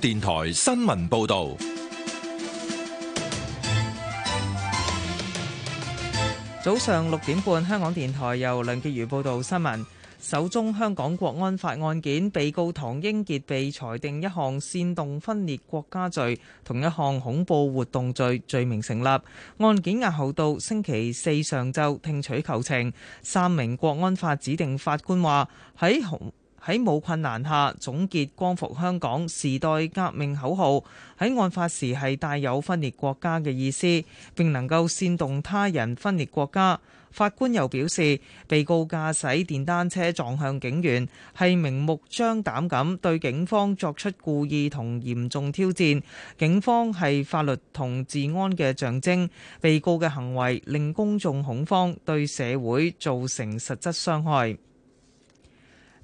電台新聞報道，早上六點半，香港電台由梁潔如報道新聞。首宗香港國安法案件被告唐英傑被裁定一項煽動分裂國家罪，同一項恐怖活動罪罪名成立，案件押後到星期四上晝聽取求情。三名國安法指定法官話喺紅，喺冇困難下總結光復香港時代革命口號，喺案發時係帶有分裂國家嘅意思，並能夠煽動他人分裂國家。法官又表示，被告駕駛電單車撞向警員，係明目張膽咁對警方作出故意同嚴重挑戰，警方係法律同治安嘅象徵，被告嘅行為令公眾恐慌，對社會造成實質傷害。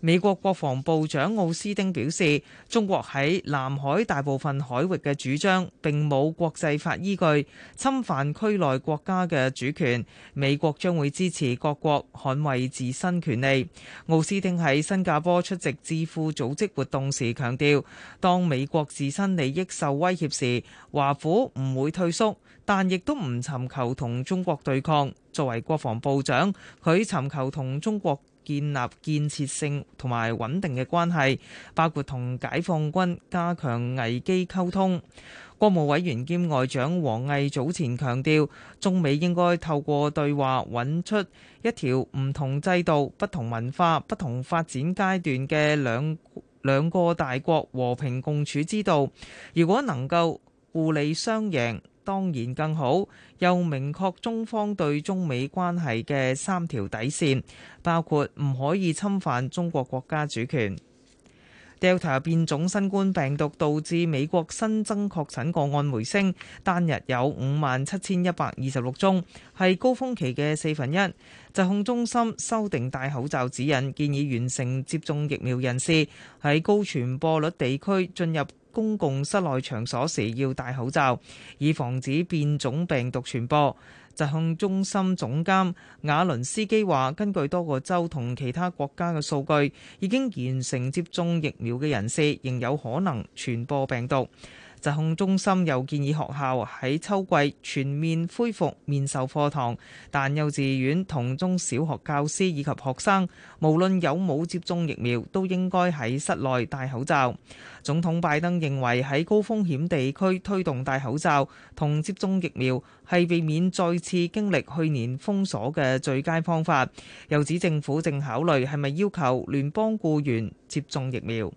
美國國防部長奧斯汀表示，中國喺南海大部分海域嘅主張並冇國際法依據，侵犯區內國家嘅主權。美國將會支持各國捍衛自身權利。奧斯汀喺新加坡出席致富組織活動時強調，當美國自身利益受威脅時，華府唔會退縮，但亦都唔尋求同中國對抗。作為國防部長，佢尋求同中國。建立建設性同埋穩定嘅關係，包括同解放軍加強危機溝通。國務委員兼外長王毅早前強調，中美應該透過對話搵出一條唔同制度、不同文化、不同發展階段嘅兩兩個大國和平共處之道。如果能夠互利雙贏，當然更好，又明確中方對中美關係嘅三條底線，包括唔可以侵犯中國國家主權。Delta 變種新冠病毒導致美國新增確診個案回升，單日有五萬七千一百二十六宗，係高峰期嘅四分一。疾控中心修訂戴口罩指引，建議完成接種疫苗人士喺高傳播率地區進入。公共室內場所時要戴口罩，以防止變種病毒傳播。疾控中心總監瓦倫斯基話，根據多個州同其他國家嘅數據，已經完成接種疫苗嘅人士仍有可能傳播病毒。疾控中心又建議學校喺秋季全面恢復面授課堂，但幼稚園同中小學教師以及學生，無論有冇接種疫苗，都應該喺室內戴口罩。總統拜登認為，喺高風險地區推動戴口罩同接種疫苗，係避免再次經歷去年封鎖嘅最佳方法。又指政府正考慮係咪要求聯邦僱員接種疫苗。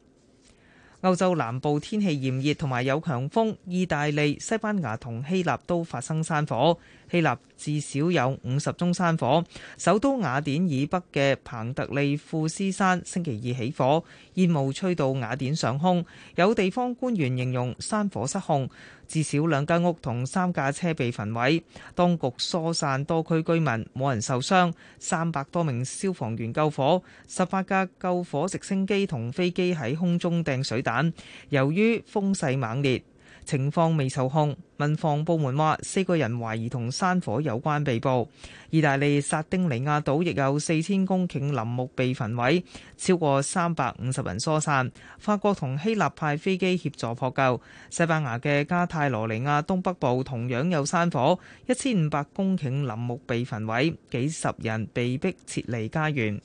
歐洲南部天氣炎熱同埋有強風，意大利、西班牙同希臘都發生山火。希臘至少有五十宗山火，首都雅典以北嘅彭特利富斯山星期二起火，煙霧吹到雅典上空。有地方官員形容山火失控，至少兩間屋同三架車被焚毀。當局疏散多區居民，冇人受傷。三百多名消防員救火，十八架救火直升機同飛機喺空中掟水彈。由於風勢猛烈，情況未受控。民防部門話四個人懷疑同山火有關被捕。意大利薩丁尼亞島亦有四千公頃林木被焚燬，超過三百五十人疏散。法國同希臘派飛機協助撲救。西班牙嘅加泰羅尼亞東北部同樣有山火，一千五百公頃林木被焚燬，幾十人被迫撤離家園。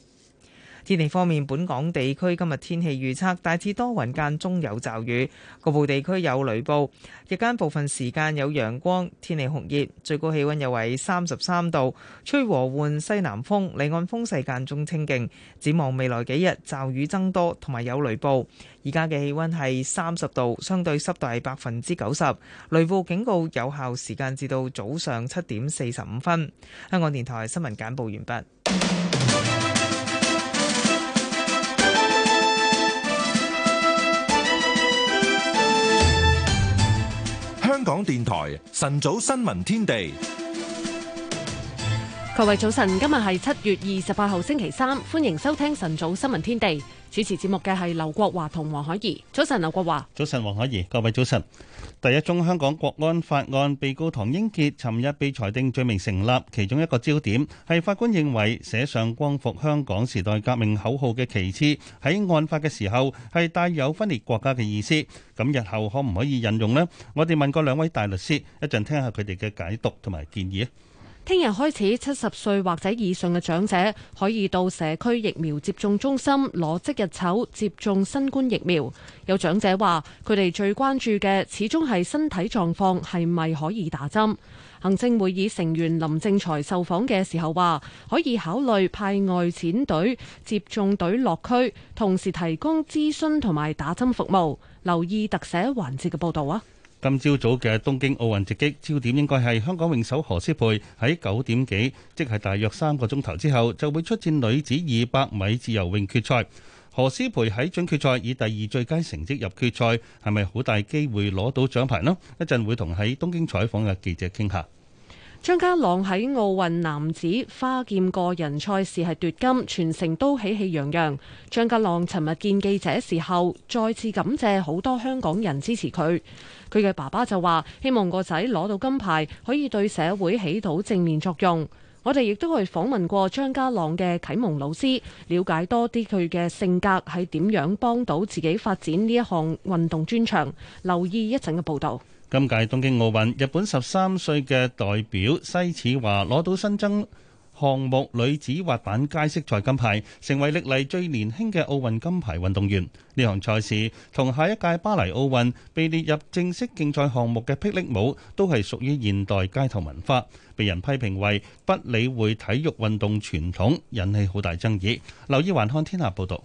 天氣方面，本港地區今日天氣預測，大致多雲間中有驟雨，局部地區有雷暴。日間部分時間有陽光，天氣酷熱，最高氣溫又為三十三度，吹和緩西南風，離岸風勢間中清勁。展望未來幾日，驟雨增多，同埋有雷暴。而家嘅氣溫係三十度，相對濕度係百分之九十，雷暴警告有效時間至到早上七點四十五分。香港電台新聞簡報完畢。香港電台晨早新聞天地。各位早晨，今日係七月二十八號星期三，歡迎收聽晨早新聞天地。主持節目嘅係劉國華同黃海怡。早晨，劉國華。早晨，黃海怡。各位早晨。第一宗香港國安法案被告唐英傑，尋日被裁定罪名成立，其中一個焦點係法官認為寫上光復香港時代革命口號嘅旗幟喺案發嘅時候係帶有分裂國家嘅意思。咁日後可唔可以引用呢？我哋問過兩位大律師，一陣聽下佢哋嘅解讀同埋建議啊。聽日開始，七十歲或者以上嘅長者可以到社區疫苗接種中心攞即日籌接種新冠疫苗。有長者話：佢哋最關注嘅始終係身體狀況係咪可以打針。行政會議成員林正財受訪嘅時候話：可以考慮派外展隊接種隊落區，同時提供諮詢同埋打針服務。留意特寫環節嘅報道啊！今朝早嘅東京奧運直擊，焦點應該係香港泳手何詩蓓喺九點幾，即係大約三個鐘頭之後就會出戰女子二百米自由泳決賽。何詩蓓喺準決賽以第二最佳成績入決賽，係咪好大機會攞到獎牌呢？一陣會同喺東京採訪嘅記者傾下。張家朗喺奧運男子花劍個人賽事係奪金，全城都喜氣洋洋。張家朗尋日見記者時候，再次感謝好多香港人支持佢。佢嘅爸爸就話，希望個仔攞到金牌，可以對社會起到正面作用。我哋亦都去訪問過張家朗嘅啟蒙老師，了解多啲佢嘅性格係點樣幫到自己發展呢一項運動專長。留意一陣嘅報道。今屆東京奧運，日本十三歲嘅代表西矢椛攞到新增項目女子滑板街式賽金牌，成為歷嚟最年輕嘅奧運金牌運動員。呢項賽事同下一屆巴黎奧運被列入正式競賽項目嘅霹靂舞，都係屬於現代街頭文化，被人批評為不理會體育運動傳統，引起好大爭議。留意環看天下報道。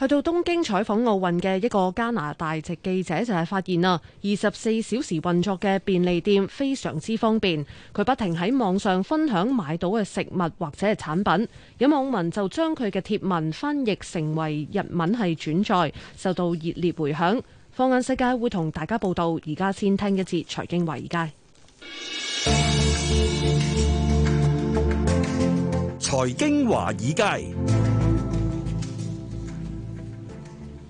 去到東京採訪奧運嘅一個加拿大籍記者就係發現啦，二十四小時運作嘅便利店非常之方便。佢不停喺網上分享買到嘅食物或者係產品，有網民就將佢嘅貼文翻譯成為日文係轉載，受到熱烈回響。放眼世界會同大家報道，而家先聽一節財經華爾街。財經華爾街。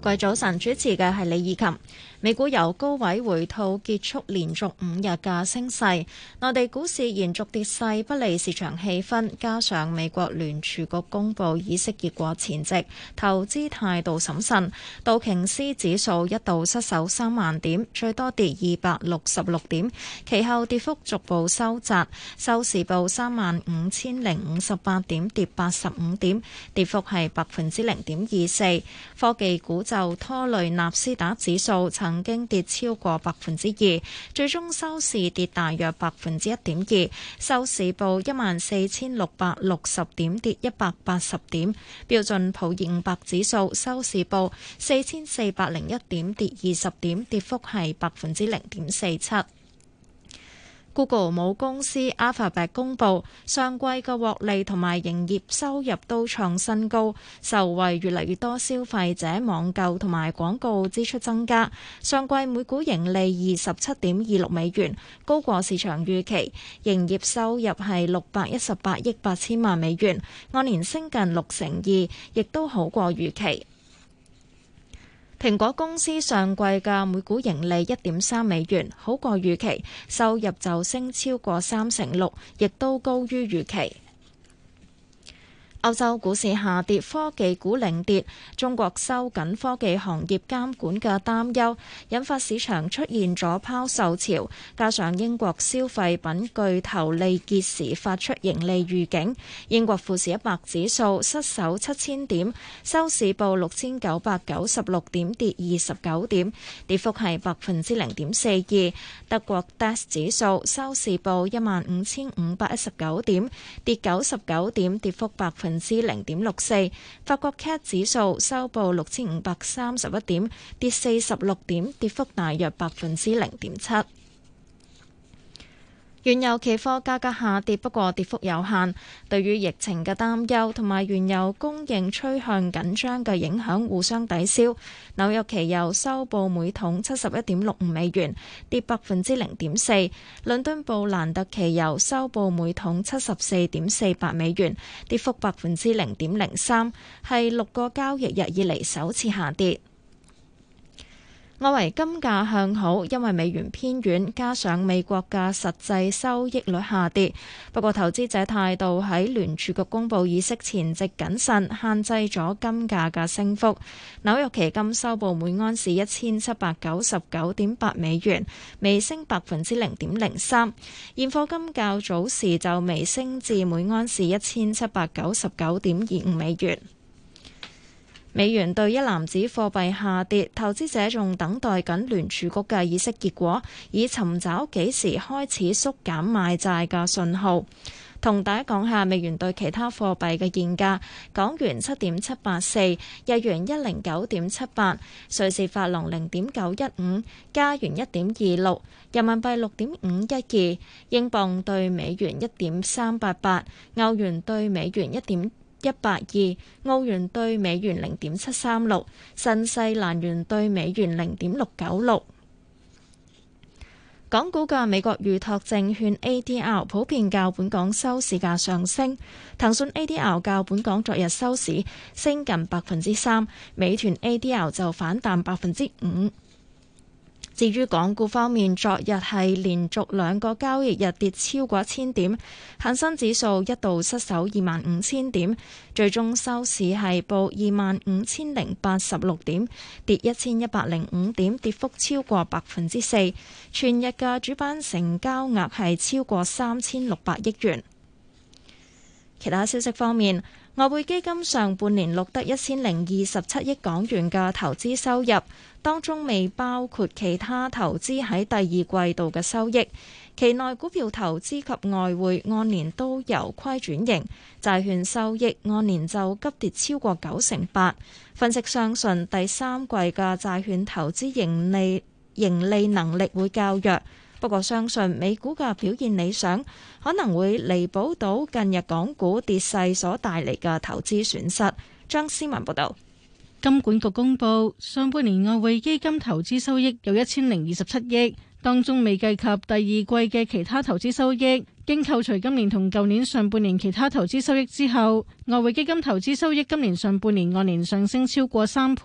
各位早晨，主持嘅係李以琴。美股由高位回吐，結束連續五日嘅升勢。內地股市延續跌勢，不利市場氣氛。加上美國聯儲局公布議息結果前夕，投資態度審慎。道瓊斯指數一度失守三萬點，最多跌二百六十六點，其後跌幅逐步收窄。收市報三萬五千零五十八點，跌八十五點，跌幅係百分之零點二四。科技股就拖累納斯達指數，曾經跌超過百分之二，最終收市跌大約百分之一點二，收市報一萬四千六百六十點，跌一百八十點。標準普爾五百指數收市報四千四百零一點，跌二十點，跌幅係百分之零點四七。Google 母公司 Alphabet 公布，上季嘅獲利同埋營業收入都創新高，受惠越嚟越多消費者網購同埋廣告支出增加。上季每股盈利二十七點二六美元，高過市場預期；營業收入係六百一十八億八千萬美元，按年升近六成二，亦都好過預期。蘋果公司上季嘅每股盈利一點三美元，好過預期，收入就升超過三成六，亦都高於預期。歐洲股市下跌，科技股領跌。中國收緊科技行業監管嘅擔憂，引發市場出現咗拋售潮。加上英國消費品巨頭利潔時發出盈利預警，英國富時一百指數失守七千點，收市報六千九百九十六點，跌二十九點，跌幅係百分之零點四二。德國 DAX 指數收市報一萬五千五百一十九點，跌九十九點，跌幅百分。百分之零點六四，64，法國 CAC 指數收報六千五百三十一點，跌四十六點，跌幅大約百分之零點七。原油期貨價格下跌，不過跌幅有限。對於疫情嘅擔憂同埋原油供應趨向緊張嘅影響互相抵消。紐約期油收報每桶七十一點六五美元，跌百分之零點四。倫敦布蘭特期油收報每桶七十四點四八美元，跌幅百分之零點零三，係六個交易日以嚟首次下跌。外圍金價向好，因為美元偏軟，加上美國嘅實際收益率下跌。不過投資者態度喺聯儲局公布議息前夕謹慎，限制咗金價嘅升幅。紐約期金收報每安士一千七百九十九點八美元，微升百分之零點零三。現貨金較早時就微升至每安士一千七百九十九點二五美元。美元兌一籃子貨幣下跌，投資者仲等待緊聯儲局嘅議息結果，以尋找幾時開始縮減買債嘅信號。同大家講下美元對其他貨幣嘅現價：港元七點七八四，日元一零九點七八，瑞士法郎零點九一五，加元一點二六，人民幣六點五一二，英鎊對美元一點三八八，歐元對美元一點一八二澳元兌美元零點七三六，新西蘭元兌美元零點六九六。港股嘅美國預託證券 A D R 普遍較本港收市價上升，騰訊 A D R 較本港昨日收市升近百分之三，美團 A D R 就反彈百分之五。至於港股方面，昨日係連續兩個交易日跌超過一千點，恒生指數一度失守二萬五千點，最終收市係報二萬五千零八十六點，跌一千一百零五點，跌幅超過百分之四。全日嘅主板成交額係超過三千六百億元。其他消息方面。外匯基金上半年錄得一千零二十七億港元嘅投資收入，當中未包括其他投資喺第二季度嘅收益。期內股票投資及外匯按年都由虧轉盈，債券收益按年就急跌超過九成八。分析相信，第三季嘅債券投資盈利盈利能力會較弱。不過相信美股嘅表現理想，可能會彌補到近日港股跌勢所帶嚟嘅投資損失。張思文報道，金管局公布上半年外匯基金投資收益有一千零二十七億，當中未計及第二季嘅其他投資收益。經扣除今年同舊年上半年其他投資收益之後，外匯基金投資收益今年上半年按年上升超過三倍。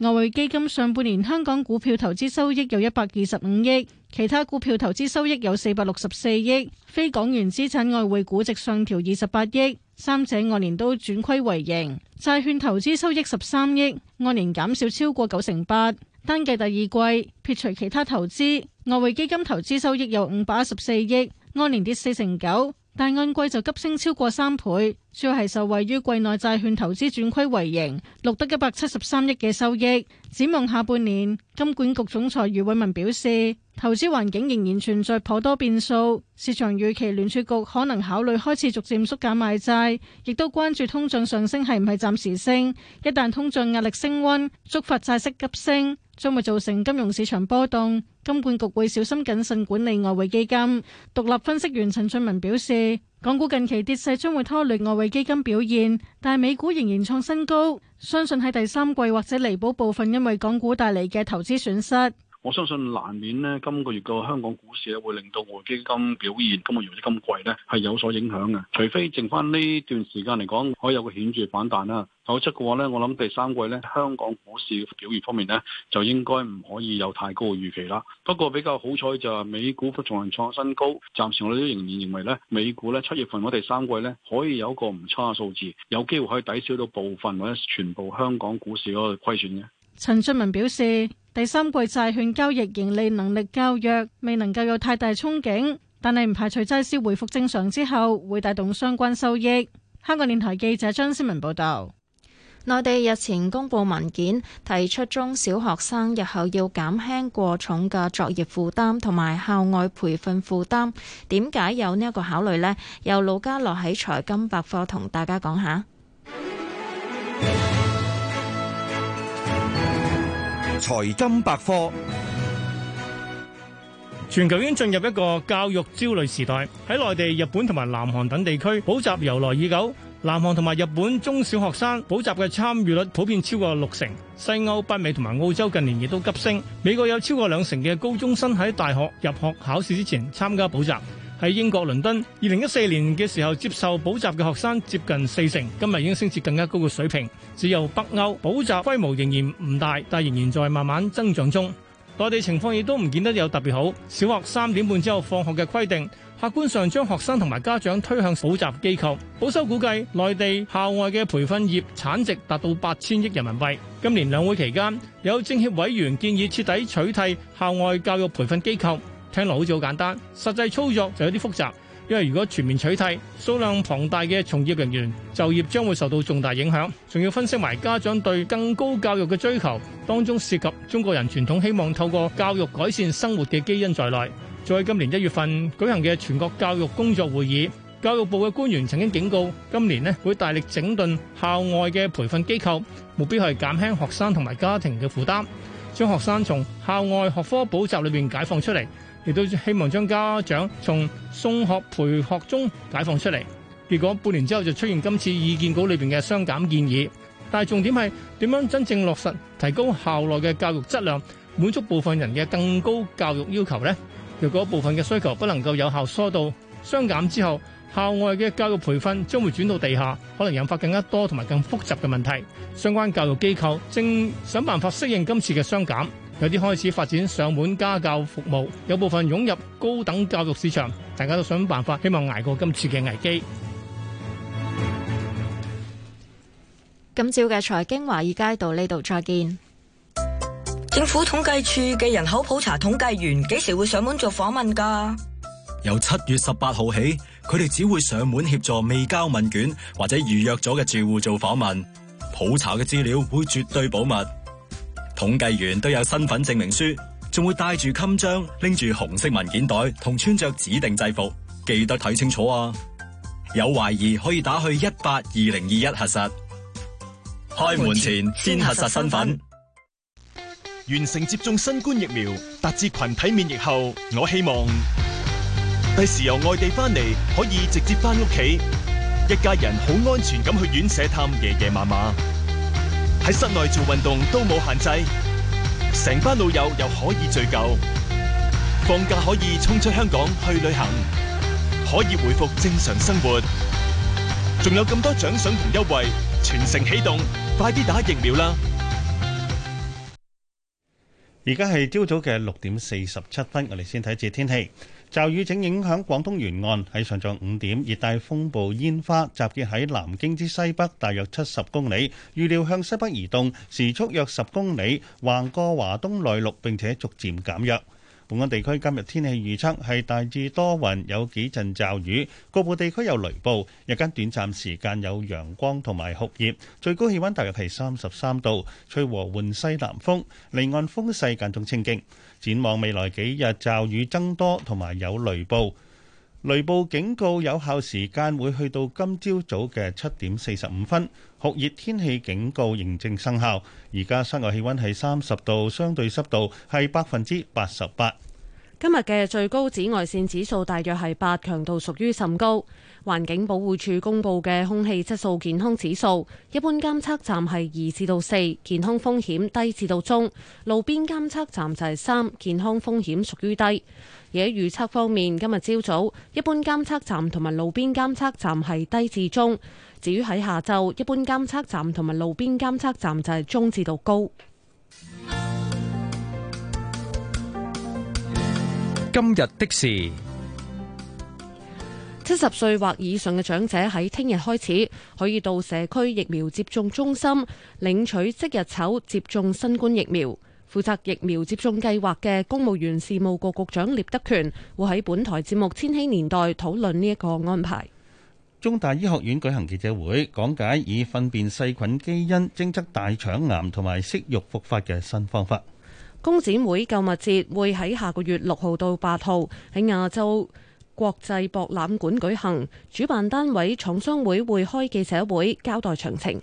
外匯基金上半年香港股票投資收益有一百二十五億，其他股票投資收益有四百六十四億，非港元資產外匯估值上調二十八億，三者按年都轉虧為盈。債券投資收益十三億，按年減少超過九成八。單計第二季撇除其他投資，外匯基金投資收益有五百一十四億。按年跌四成九，但按季就急升超過三倍，主要係受惠於季內債券投資轉虧為盈，錄得一百七十三億嘅收益。展望下半年，金管局總裁余偉文表示，投資環境仍然存在頗多變數，市場預期聯儲局可能考慮開始逐漸縮減買債，亦都關注通脹上升係唔係暫時升，一旦通脹壓力升温，觸發債息急升，將會造成金融市場波動。金管局會小心謹慎管理外匯基金。獨立分析員陳俊文表示，港股近期跌勢將會拖累外匯基金表現，但係美股仍然創新高，相信喺第三季或者彌補部分因為港股帶嚟嘅投資損失。我相信難免呢今個月個香港股市咧，會令到外匯基金表現今個月或者今季咧係有所影響嘅。除非剩翻呢段時間嚟講可以有個顯著反彈啦，否則嘅話咧，我諗第三季咧香港股市表現方面咧，就應該唔可以有太高嘅預期啦。不過比較好彩就係美股重創新高，暫時我哋都仍然認為咧，美股咧七月份我哋第三季咧可以有一個唔差嘅數字，有機會可以抵消到部分或者全部香港股市嗰個虧損嘅。陳俊文表示，第三季債券交易盈利能力較弱，未能夠有太大憧憬，但係唔排除債市回復正常之後會帶動相關收益。香港電台記者張思文報道，內地日前公布文件，提出中小學生日後要減輕過重嘅作業負擔同埋校外培訓負擔。點解有呢一個考慮呢？由盧嘉樂喺財金百貨同大家講下。 財經百科，全球已經進入一個教育焦慮時代。喺內地、日本同埋南韓等地區，補習由來已久。南韓同埋日本中小學生補習嘅參與率普遍超過六成。西歐、北美同埋澳洲近年亦都急升。美國有超過兩成嘅高中生喺大學入學考試之前參加補習。喺英國倫敦，二零一四年嘅時候接受補習嘅學生接近四成，今日已經升至更加高嘅水平。只有北歐補習規模仍然唔大，但仍然在慢慢增長中。內地情況亦都唔見得有特別好。小學三點半之後放學嘅規定，客觀上將學生同埋家長推向補習機構。保守估計，內地校外嘅培訓業產值達到八千億人民幣。今年兩會期間，有政協委員建議徹底取締校外教育培訓機構。聽落好似好簡單，實際操作就有啲複雜。因為如果全面取締，數量龐大嘅從業人員，就業將會受到重大影響。仲要分析埋家長對更高教育嘅追求，當中涉及中國人傳統希望透過教育改善生活嘅基因在內。在今年一月份舉行嘅全國教育工作會議，教育部嘅官員曾經警告，今年呢會大力整頓校外嘅培訓機構，目標係減輕學生同埋家庭嘅負擔，將學生從校外學科補習裏面解放出嚟。亦都希望將家長從送學培學中解放出嚟，結果半年之後就出現今次意見稿裏邊嘅雙減建議。但係重點係點樣真正落實提高校內嘅教育質量，滿足部分人嘅更高教育要求呢？若果部分嘅需求不能夠有效疏導，雙減之後校外嘅教育培訓將會轉到地下，可能引發更加多同埋更複雜嘅問題。相關教育機構正想辦法適應今次嘅雙減。有啲開始發展上門家教服務，有部分湧入高等教育市場，大家都想辦法，希望捱過今次嘅危機。今朝嘅財經華爾街到呢度再見。政府統計處嘅人口普查統計員幾時會上門做訪問㗎？由七月十八號起，佢哋只會上門協助未交問卷或者預約咗嘅住戶做訪問。普查嘅資料會絕對保密。統計員都有身份證明書，仲會戴住襟章，拎住紅色文件袋，同穿着指定制服。記得睇清楚啊！有懷疑可以打去一八二零二一核實。開門前先核實身份。完成接種新冠疫苗，達至群體免疫後，我希望第時由外地翻嚟可以直接翻屋企，一家人好安全咁去院舍探爺爺嫲嫲。喺室內做運動都冇限制，成班老友又可以聚舊，放假可以沖出香港去旅行，可以回復正常生活，仲有咁多獎賞同優惠，全城起動，快啲打疫苗啦！而家係朝早嘅六點四十七分，我哋先睇下天氣。驟雨正影響廣東沿岸，喺上晝五點熱帶風暴煙花集結喺南京之西北，大約七十公里，預料向西北移動，時速約十公里，橫過華東內陸，並且逐漸減弱。本港地區今日天氣預測係大致多雲有幾陣驟雨，局部地區有雷暴，日間短暫時間有陽光同埋酷熱，最高氣溫大約係三十三度，吹和緩西南風，離岸風勢間中清勁。展望未來幾日，驟雨增多同埋有雷暴，雷暴警告有效時間會去到今朝早嘅七點四十五分，酷熱天氣警告仍正生效。而家室外氣溫係三十度，相對濕度係百分之八十八。今日嘅最高紫外線指數大約係八，強度屬於甚高。環境保護署公布嘅空氣質素健康指數，一般監測站係二至到四，健康風險低至到中，路邊監測站就係三，健康風險屬於低。而喺預測方面，今日朝早一般監測站同埋路邊監測站係低至中，至於喺下晝，一般監測站同埋路邊監測站就係中至到高。今日的事。七十歲或以上嘅長者喺聽日開始可以到社區疫苗接種中心領取即日籌接種新冠疫苗。負責疫苗接種計劃嘅公務員事務局局，局長聶德權會喺本台節目《千禧年代》討論呢一個安排。中大醫學院舉行記者會，講解以糞便細菌基因偵測大腸癌同埋息肉復發嘅新方法。工展會購物節會喺下個月六號到八號喺亞洲國際博覽館舉行，主辦單位廠商會會開記者會交代詳情。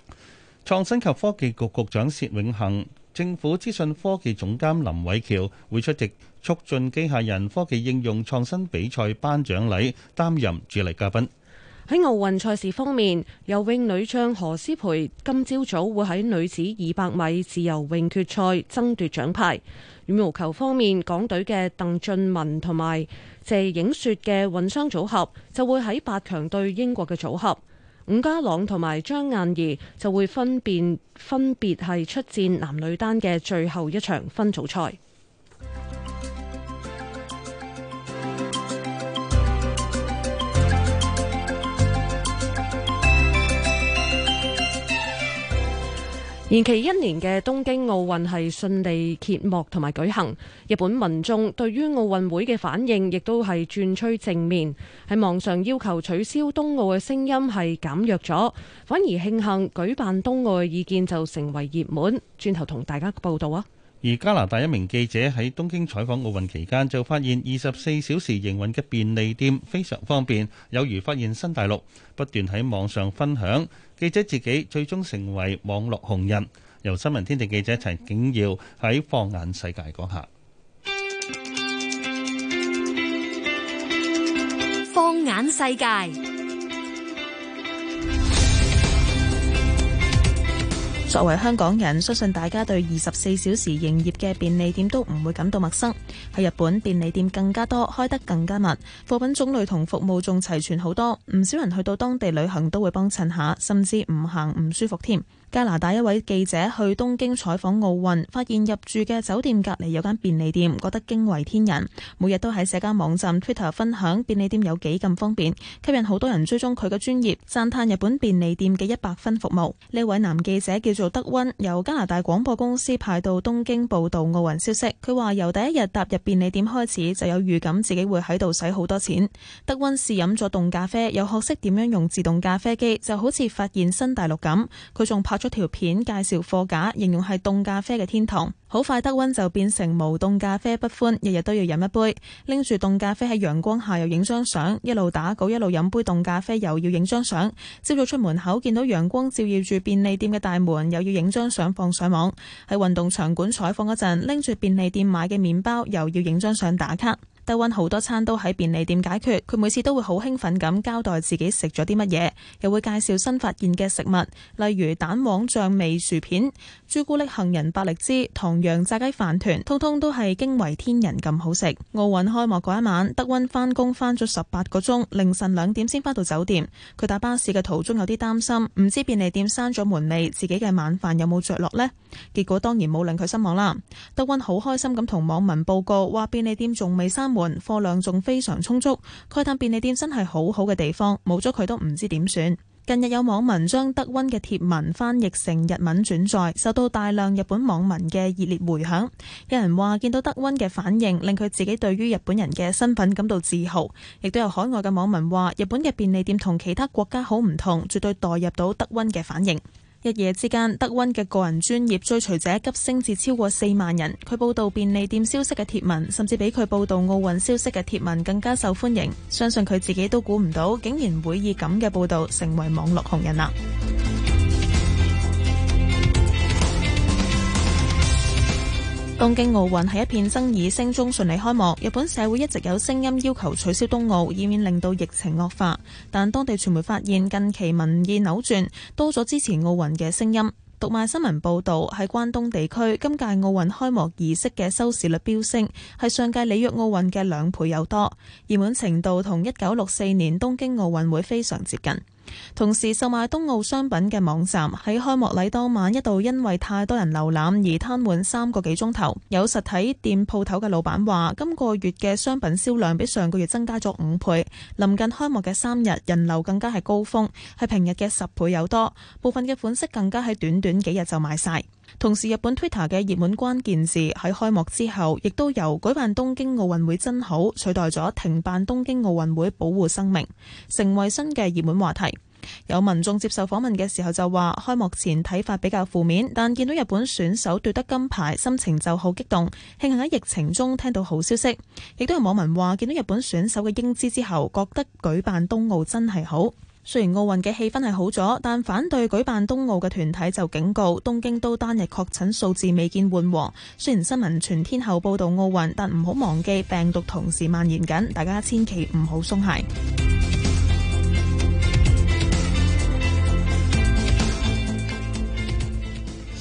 創新及科技局局長薛永恒、政府資訊科技總監林偉喬會出席促進機械人科技應用創新比賽頒獎禮，擔任主禮嘉賓。喺奧運賽事方面，游泳女將何詩蓓今朝早會喺女子二百米自由泳決賽爭奪獎牌。羽毛球方面，港隊嘅鄧俊文同埋謝影雪嘅混雙組合就會喺八強對英國嘅組合，伍家朗同埋張雁兒就會分別分別係出戰男女單嘅最後一場分組賽。延期一年嘅東京奧運係順利揭幕同埋舉行，日本民眾對於奧運會嘅反應亦都係轉趨正面，喺網上要求取消東奧嘅聲音係減弱咗，反而慶幸舉辦東奧嘅意見就成為熱門。轉頭同大家報道啊！而加拿大一名記者喺東京採訪奧運期間，就發現二十四小時營運嘅便利店非常方便，有如發現新大陸，不斷喺網上分享。記者自己最終成為網絡紅人，由新聞天地記者陳景耀喺《放眼世界》講下《放眼世界》。作為香港人，相信大家對二十四小時營業嘅便利店都唔會感到陌生。喺日本，便利店更加多，開得更加密，貨品種類同服務仲齊全好多。唔少人去到當地旅行都會幫襯下，甚至唔行唔舒服添。加拿大一位記者去東京採訪奧運，發現入住嘅酒店隔離有間便利店，覺得驚為天人。每日都喺社交網站 Twitter 分享便利店有幾咁方便，吸引好多人追蹤佢嘅專業，讚嘆日本便利店嘅一百分服務。呢位男記者叫做德溫，由加拿大廣播公司派到東京報道奧運消息。佢話由第一日踏入便利店開始，就有預感自己會喺度使好多錢。德溫試飲咗凍咖啡，又學識點樣用自動咖啡機，就好似發現新大陸咁。佢仲拍。出條片介紹貨架，形容係凍咖啡嘅天堂。好快德温就變成無凍咖啡不歡，日日都要飲一杯。拎住凍咖啡喺陽光下又影張相，一路打稿一路飲杯凍咖啡，又要影張相。朝早出門口見到陽光照耀住便利店嘅大門，又要影張相放上網。喺運動場館採訪嗰陣，拎住便利店買嘅麵包，又要影張相打卡。德温好多餐都喺便利店解決，佢每次都會好興奮咁交代自己食咗啲乜嘢，又會介紹新發現嘅食物，例如蛋黃醬味薯片、朱古力杏仁百力滋、唐揚炸雞飯團，通通都係驚為天人咁好食。奧運開幕嗰一晚，德温返工返咗十八個鐘，凌晨兩點先返到酒店。佢搭巴士嘅途中有啲擔心，唔知便利店閂咗門未，自己嘅晚飯有冇着落呢？結果當然冇令佢失望啦。德温好開心咁同網民報告話，便利店仲未關門，貨量仲非常充足。蓋坦便利店真係好好嘅地方，冇咗佢都唔知點算。近日有網民將德温嘅貼文翻譯成日文轉載，受到大量日本網民嘅熱烈回響。有人話見到德温嘅反應，令佢自己對於日本人嘅身份感到自豪。亦都有海外嘅網民話，日本嘅便利店同其他國家好唔同，絕對代入到德温嘅反應。一夜之間，德温嘅個人專業追隨者急升至超過四萬人。佢報道便利店消息嘅貼文，甚至比佢報道奧運消息嘅貼文更加受歡迎。相信佢自己都估唔到，竟然會以咁嘅報道成為網絡紅人喇。東京奧運喺一片爭議聲中順利開幕。日本社會一直有聲音要求取消東奧，以免令到疫情惡化。但當地傳媒發現近期民意扭轉，多咗支持奧運嘅聲音。讀賣新聞報道喺關東地區今屆奧運開幕儀式嘅收視率飆升，係上屆里約奧運嘅兩倍有多，熱門程度同一九六四年東京奧運會非常接近。同時，售賣冬奧商品嘅網站喺開幕禮當晚一度因為太多人瀏覽而癱瘓三個幾鐘頭。有實體店鋪頭嘅老闆話，今個月嘅商品銷量比上個月增加咗五倍。臨近開幕嘅三日，人流更加係高峰，係平日嘅十倍有多。部分嘅款式更加喺短短幾日就賣晒。同時，日本 Twitter 嘅熱門關鍵字喺開幕之後，亦都由舉辦東京奧運會真好取代咗停辦東京奧運會保護生命，成為新嘅熱門話題。有民眾接受訪問嘅時候就話，開幕前睇法比較負面，但見到日本選手奪得金牌，心情就好激動，慶幸喺疫情中聽到好消息。亦都有網民話，見到日本選手嘅英姿之後，覺得舉辦東奧真係好。雖然奧運嘅氣氛係好咗，但反對舉辦東奧嘅團體就警告東京都單日確診數字未見緩和。雖然新聞全天候報道奧運，但唔好忘記病毒同時蔓延緊，大家千祈唔好鬆懈。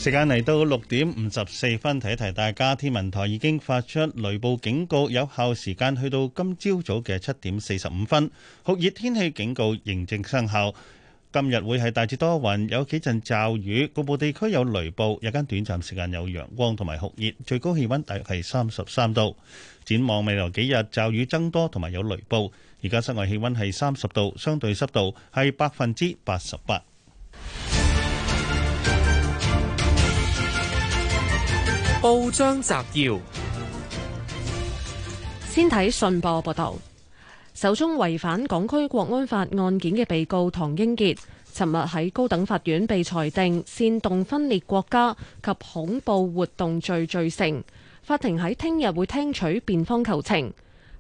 時間嚟到六點五十四分，提一提大家，天文台已經發出雷暴警告，有效時間去到今朝早嘅七點四十五分。酷熱天氣警告仍正生效。今日會係大致多雲，有幾陣驟雨，局部地區有雷暴，有間短暫時間有陽光同埋酷熱，最高氣溫大約係三十三度。展望未來幾日，驟雨增多同埋有雷暴。而家室外氣溫係三十度，相對濕度係百分之八十八。報章摘要，先睇信報報道，首宗違反港區國安法案件嘅被告唐英傑，尋日喺高等法院被裁定煽動分裂國家及恐怖活動罪罪成，法庭喺聽日會聽取辯方求情。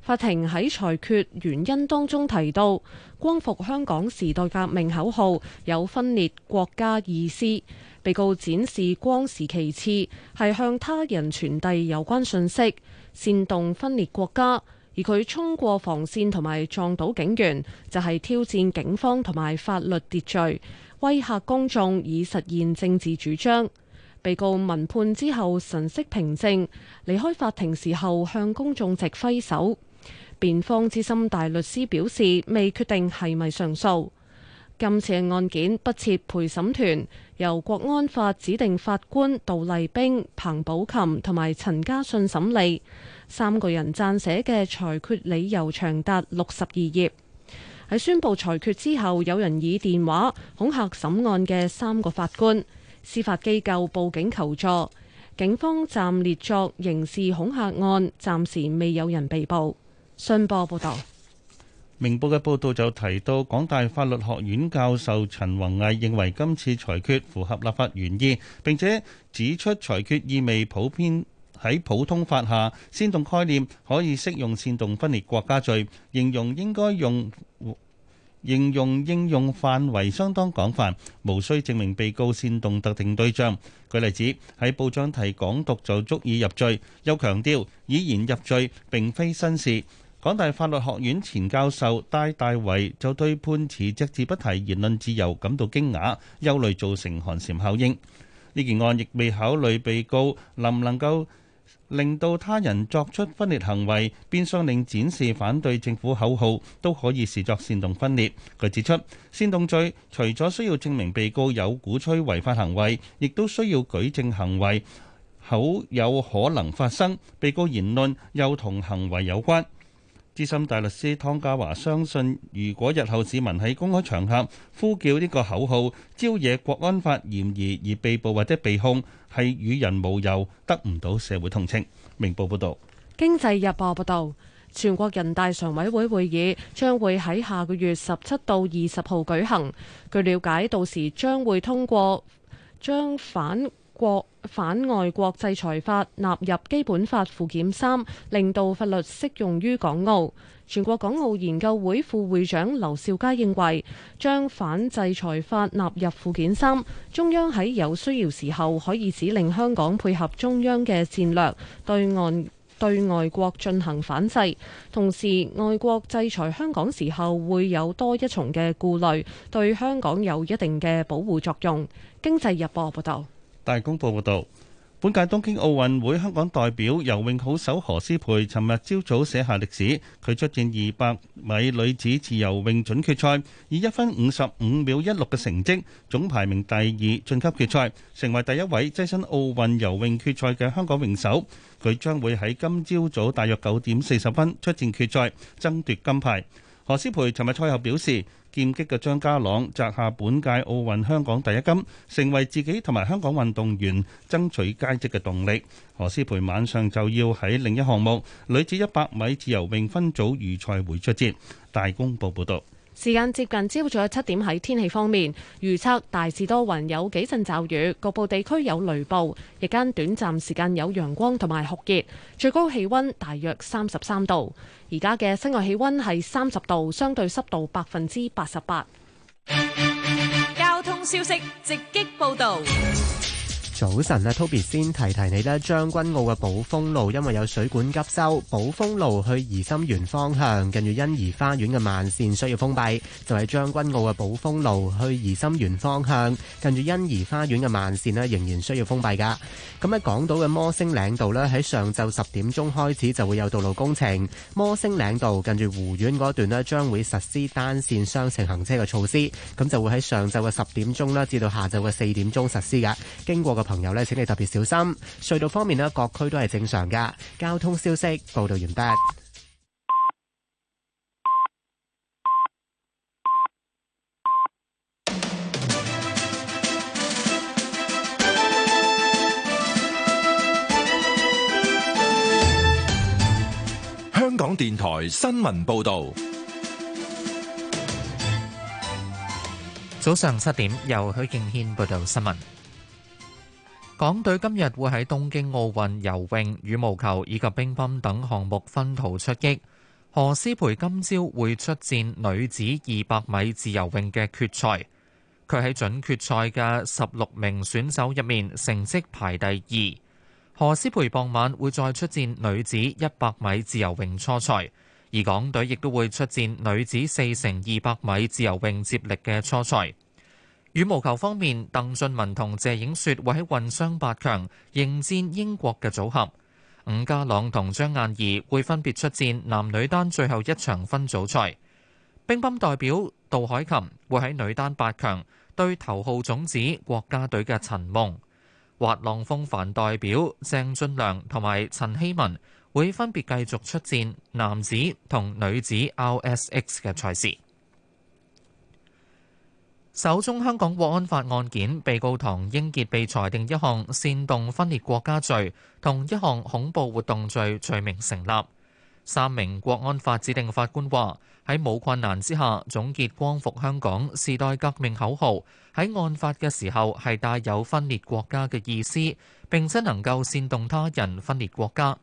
法庭喺裁決原因當中提到，光復香港時代革命口號有分裂國家意思。被告展示光時，其次係向他人傳遞有關信息，煽動分裂國家。而佢衝過防線同埋撞到警員，就係、是、挑戰警方同埋法律秩序，威嚇公眾以實現政治主張。被告聞判之後神色平靜，離開法庭時候向公眾席揮手。辯方資深大律師表示，未決定係咪上訴。今次嘅案件不設陪審團，由國安法指定法官杜麗冰、彭寶琴同埋陳家信審理。三個人撰寫嘅裁決理由長達六十二頁。喺宣布裁決之後，有人以電話恐嚇審案嘅三個法官，司法機構報警求助，警方暫列作刑事恐嚇案，暫時未有人被捕。信報報道，明報嘅報道就提到，港大法律學院教授陳宏毅認為今次裁決符合立法原意，並且指出裁決意味普遍喺普通法下煽動概念可以適用煽動分裂國家罪，形容應該用形容應用範圍相當廣泛，無需證明被告煽動特定對象。舉例子喺報章提港獨就足以入罪，又強調以言入罪並非新事。港大法律學院前教授戴大為就對判詞隻字不提言論自由感到驚訝，憂慮造成寒蟬效應。呢件案亦未考慮被告能唔能夠令到他人作出分裂行為，變相令展示反對政府口號，都可以視作煽動分裂。佢指出，煽動罪除咗需要證明被告有鼓吹違法行為，亦都需要舉證行為好有可能發生，被告言論又同行為有關。資深大律師湯家驊相信，如果日後市民喺公開場合呼叫呢個口號，招惹國安法嫌疑而被捕或者被控，係與人無尤，得唔到社會同情。明報報道，經濟日報報道，全國人大常委會會議將會喺下個月十七到二十號舉行。據了解，到時將會通過將反國。反外國制裁法納入基本法附件三，令到法律適用於港澳。全國港澳研究會副會長劉兆佳認為，將反制裁法納入附件三，中央喺有需要時候可以指令香港配合中央嘅戰略，對外對外國進行反制。同時，外國制裁香港時候會有多一重嘅顧慮，對香港有一定嘅保護作用。經濟日報報道。大公報報道，本屆東京奧運會香港代表游泳好手何詩蓓，尋日朝早寫下歷史，佢出戰200米女子自由泳準決賽，以一分五十五秒一六嘅成績，總排名第二，晉級決賽，成為第一位躋身奧運游泳決賽嘅香港泳手。佢將會喺今朝早大約九點四十分出戰決賽，爭奪金牌。何詩蓓尋日賽後表示。劍擊嘅張家朗摘下本屆奧運香港第一金，成為自己同埋香港運動員爭取佳績嘅動力。何詩蓓晚上就要喺另一項目女子一百米自由泳分組預賽會出戰。大公報報道。時間接近朝早七點，喺天氣方面預測大致多雲，有幾陣驟雨，局部地區有雷暴，日間短暫時間有陽光同埋酷熱，最高氣温大約三十三度。而家嘅室外氣温係三十度，相對濕度百分之八十八。交通消息直擊報道。早晨啊，Toby 先提提你咧，將軍澳嘅寶豐路因為有水管急修，寶豐路去怡心園方向近住欣怡花園嘅慢線需要封閉，就係、是、將軍澳嘅寶豐路去怡心園方向近住欣怡花園嘅慢線咧仍然需要封閉噶。咁喺港島嘅摩星嶺道咧，喺上晝十點鐘開始就會有道路工程，摩星嶺道近住湖苑嗰一段咧將會實施單線雙程行車嘅措施，咁就會喺上晝嘅十點鐘啦至到下晝嘅四點鐘實施噶經過朋友咧，請你特別小心。隧道方面咧，各區都係正常㗎。交通消息報導完畢。香港電台新聞報導。早上七點，由許敬軒報道新聞。港隊今日會喺東京奧運游泳、羽毛球以及乒乓等項目分途出擊。何詩蓓今朝會出戰女子二百米自由泳嘅決賽，佢喺準決賽嘅十六名選手入面成績排第二。何詩蓓傍，傍晚會再出戰女子一百米自由泳初賽，而港隊亦都會出戰女子四乘二百米自由泳接力嘅初賽。羽毛球方面，鄧俊文同謝影雪會喺混雙八強迎戰英國嘅組合；伍家朗同張雁儀會分別出戰男女單最後一場分組賽。乒乓代表杜凱琹會喺女單八強對頭號種子國家隊嘅陳夢；滑浪風帆代表鄭俊良同埋陳希文會分別繼續出戰男子同女子 RSX 嘅賽事。首宗香港國安法案件被告唐英傑被裁定一項煽動分裂國家罪同一項恐怖活動罪罪名成立。三名國安法指定法官話，喺冇困難之下總結光復香港時代革命口號，喺案發嘅時候係帶有分裂國家嘅意思，並且能夠煽動他人分裂國家。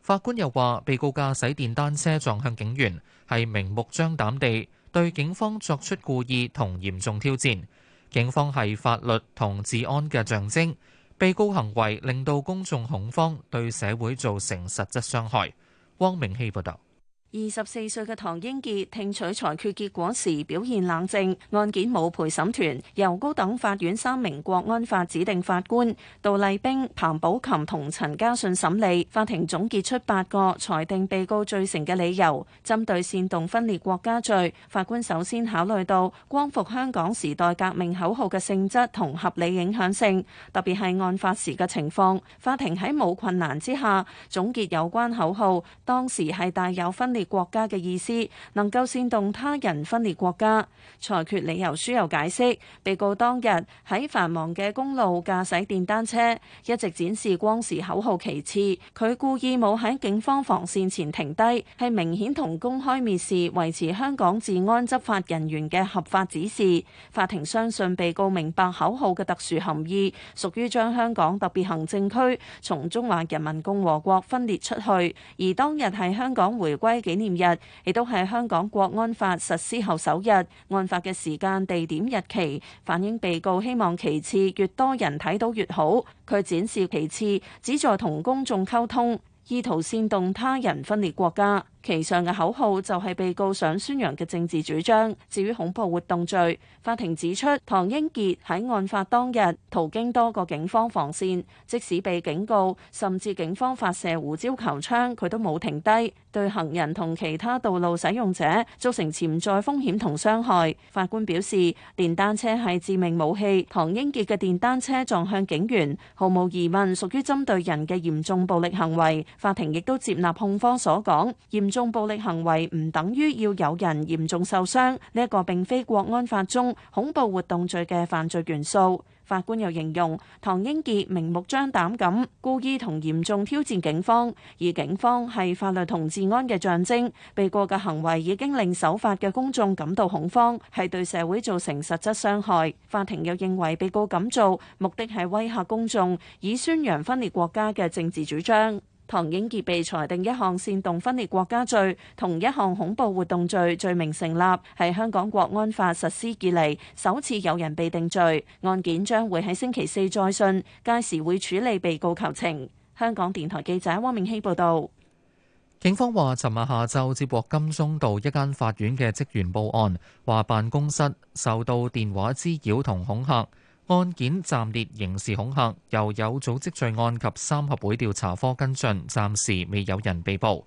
法官又話被告駕駛電單車撞向警員，係明目張膽地。對警方作出故意同嚴重挑戰，警方係法律同治安嘅象徵。被告行為令到公眾恐慌，對社會造成實質傷害。汪明希報道。二十四歲嘅唐英傑聽取裁決結果時表現冷靜。案件冇陪審團，由高等法院三名國安法指定法官杜麗冰、彭寶琴同陳嘉信審理。法庭總結出八個裁定被告罪成嘅理由，針對煽動分裂國家罪，法官首先考慮到光復香港時代革命口號嘅性質同合理影響性，特別係案發時嘅情況。法庭喺冇困難之下總結有關口號，當時係帶有分裂。國家嘅意思，能夠煽動他人分裂國家。裁決理由書又解釋，被告當日喺繁忙嘅公路駕駛電單車，一直展示光時口號。其次，佢故意冇喺警方防線前停低，係明顯同公開蔑視維持香港治安執法人員嘅合法指示。法庭相信被告明白口號嘅特殊含義，屬於將香港特別行政區從中華人民共和國分裂出去。而當日係香港回歸紀念日，亦都係香港國安法實施後首日，案發嘅時間、地點、日期反映被告希望旗幟，越多人睇到越好。佢展示旗幟，旨在同公眾溝通，意圖煽動他人分裂國家。其上嘅口號就係被告想宣揚嘅政治主張。至於恐怖活動罪，法庭指出唐英傑喺案發當日途經多個警方防線，即使被警告，甚至警方發射胡椒球槍，佢都冇停低，對行人同其他道路使用者造成潛在風險同傷害。法官表示，電單車係致命武器，唐英傑嘅電單車撞向警員，毫無疑問屬於針對人嘅嚴重暴力行為，法庭亦都接納控方所講。重暴力行為唔等於要有人嚴重受傷，呢一個並非國安法中恐怖活動罪嘅犯罪元素。法官又形容唐英傑明目張膽咁故意同嚴重挑戰警方，而警方係法律同治安嘅象徵。被告嘅行為已經令守法嘅公眾感到恐慌，係對社會造成實質傷害。法庭又認為被告咁做目的係威嚇公眾，以宣揚分裂國家嘅政治主張。唐英傑被裁定一項煽動分裂國家罪，同一項恐怖活動罪罪名成立，係香港國安法實施以嚟首次有人被定罪。案件將會喺星期四再訊，屆時會處理被告求情。香港電台記者汪明熙報道。警方話，尋日下晝接獲金鐘道一間法院嘅職員報案，話辦公室受到電話滋擾同恐嚇。案件暫列刑事恐嚇，由有組織罪案及三合會調查科跟進，暫時未有人被捕。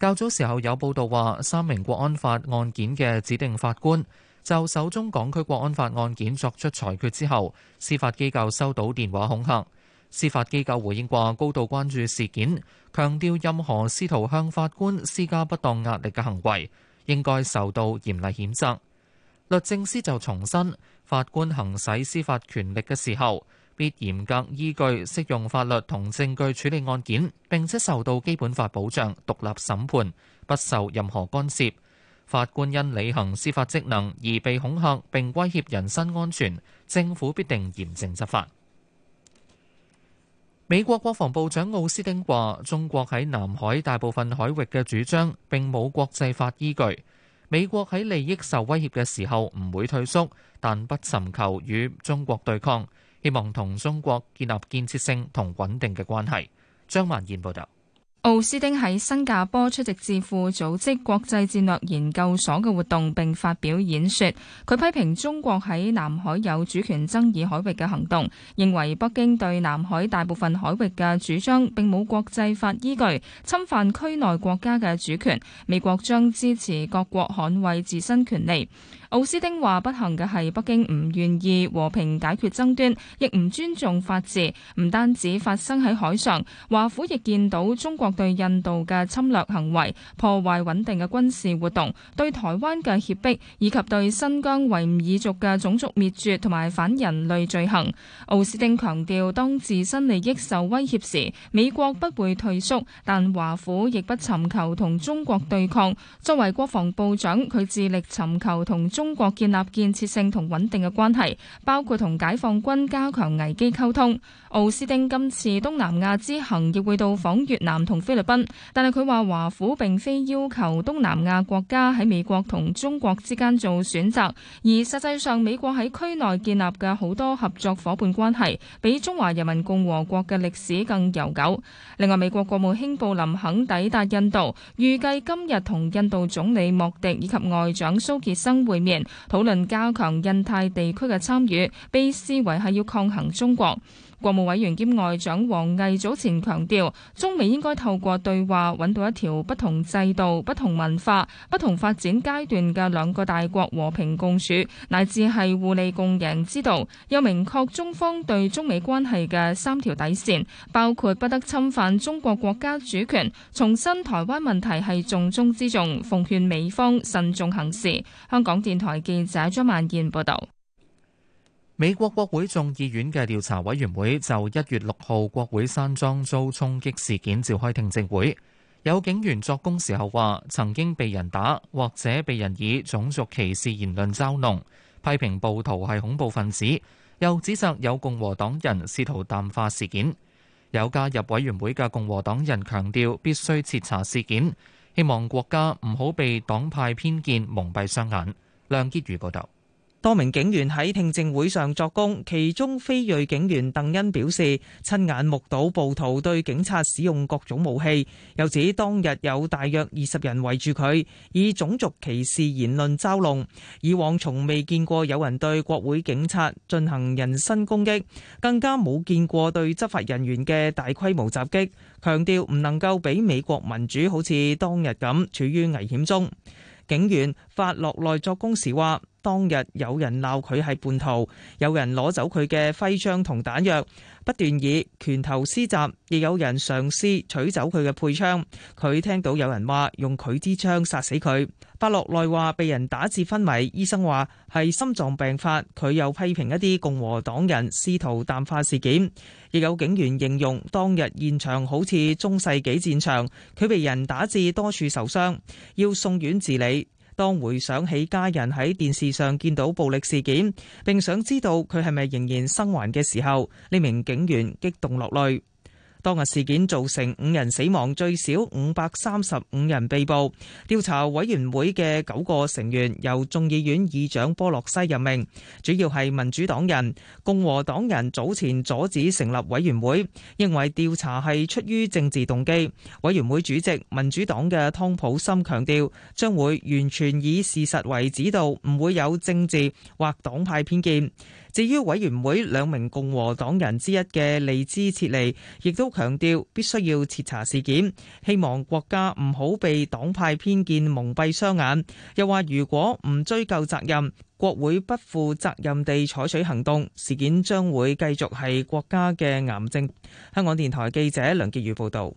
較早時候有報道話，三名國安法案件嘅指定法官就首宗港區國安法案件作出裁決之後，司法機構收到電話恐嚇。司法機構回應話，高度關注事件，強調任何試圖向法官施加不當壓力嘅行為應該受到嚴厲譴責。律政司就重申，法官行使司法權力嘅時候，必嚴格依據適用法律同證據處理案件，並且受到基本法保障、獨立審判、不受任何干涉。法官因履行司法職能而被恐嚇並威脅人身安全，政府必定嚴正執法。美國國防部長奧斯汀話中國喺南海大部分海域嘅主張並冇國際法依據。美國喺利益受威脅嘅時候唔會退縮，但不尋求與中國對抗，希望同中國建立建設性同穩定嘅關係。張萬燕報道。奧斯汀喺新加坡出席智庫組織國際戰略研究所嘅活動，並發表演說。佢批評中國喺南海有主權爭議海域嘅行動，認為北京對南海大部分海域嘅主張並冇國際法依據，侵犯區內國家嘅主權。美國將支持各國捍衛自身權利。奧斯汀話，不幸嘅係，北京唔願意和平解決爭端，亦唔尊重法治。唔單止發生喺海上，華府亦見到中國對印度嘅侵略行為，破壞穩定嘅軍事活動，對台灣嘅脅迫，以及對新疆維吾爾族嘅種族滅絕同埋反人類罪行。奧斯汀強調，當自身利益受威脅時，美國不會退縮，但華府亦不尋求同中國對抗。作為國防部長，佢致力尋求同中。中國建立建設性同穩定嘅關係，包括同解放軍加強危機溝通。奧斯汀今次東南亞之行亦會到訪越南同菲律賓，但係佢話華府並非要求東南亞國家喺美國同中國之間做選擇，而實際上美國喺區內建立嘅好多合作夥伴關係，比中華人民共和國嘅歷史更悠久。另外，美國國務卿布林肯抵達印度，預計今日同印度總理莫迪以及外長蘇傑生會面。討論加強印太地區嘅參與，被視為係要抗衡中國。國務委員兼外長王毅早前強調，中美應該透過對話揾到一條不同制度、不同文化、不同發展階段嘅兩個大國和平共處，乃至係互利共贏之道。又明確中方對中美關係嘅三條底線，包括不得侵犯中國國家主權，重申台灣問題係重中之重，奉勸美方慎重行事。香港電台記者張曼燕報道。美國國會眾議院嘅調查委員會就一月六號國會山莊遭衝擊事件召開聽證會，有警員作供時候話曾經被人打，或者被人以種族歧視言論嘲弄，批評暴徒係恐怖分子，又指責有共和黨人試圖淡化事件。有加入委員會嘅共和黨人強調必須徹查事件，希望國家唔好被黨派偏見蒙蔽雙眼。梁潔如報導。多名警員喺聽證會上作供，其中非裔警員鄧恩表示，親眼目睹暴徒對警察使用各種武器，又指當日有大約二十人圍住佢，以種族歧視言論嘲弄。以往從未見過有人對國會警察進行人身攻擊，更加冇見過對執法人員嘅大規模襲擊。強調唔能夠俾美國民主好似當日咁處於危險中。警員法落內作供時話。當日有人鬧佢係叛徒，有人攞走佢嘅徽章同彈藥，不斷以拳頭施襲，亦有人嘗試取走佢嘅配槍。佢聽到有人話用佢支槍殺死佢。法洛內話被人打至昏迷，醫生話係心臟病發。佢又批評一啲共和黨人試圖淡化事件，亦有警員形容當日現場好似中世紀戰場。佢被人打至多處受傷，要送院治理。當回想起家人喺電視上見到暴力事件，並想知道佢係咪仍然生還嘅時候，呢名警員激動落淚。當日事件造成五人死亡，最少五百三十五人被捕。調查委員會嘅九個成員由眾議院議長波洛西任命，主要係民主黨人。共和黨人早前阻止成立委員會，認為調查係出於政治動機。委員會主席民主黨嘅湯普森強調，將會完全以事實為指導，唔會有政治或黨派偏見。至於委員會兩名共和黨人之一嘅利茲切尼，亦都強調必須要徹查事件，希望國家唔好被黨派偏見蒙蔽雙眼。又話如果唔追究責任，國會不負責任地採取行動，事件將會繼續係國家嘅癌症。香港電台記者梁潔如報導。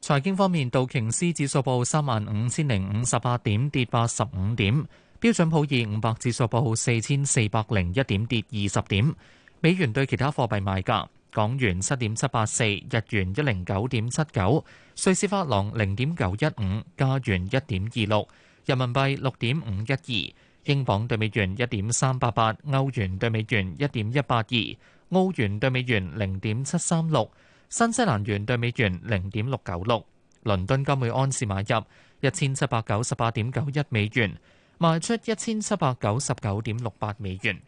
財經方面，道瓊斯指數報三萬五千零五十八點，跌八十五點。標準普爾五百指數報四千四百零一點，跌二十點。美元對其他貨幣賣價：港元七點七八四，日元一零九點七九，瑞士法郎零點九一五，加元一點二六，人民幣六點五一二，英鎊對美元一點三八八，歐元對美元一點一八二，澳元對美元零點七三六，新西蘭元對美元零點六九六。倫敦金每盎司買入一千七百九十八點九一美元。賣出一千七百九十九點六八美元。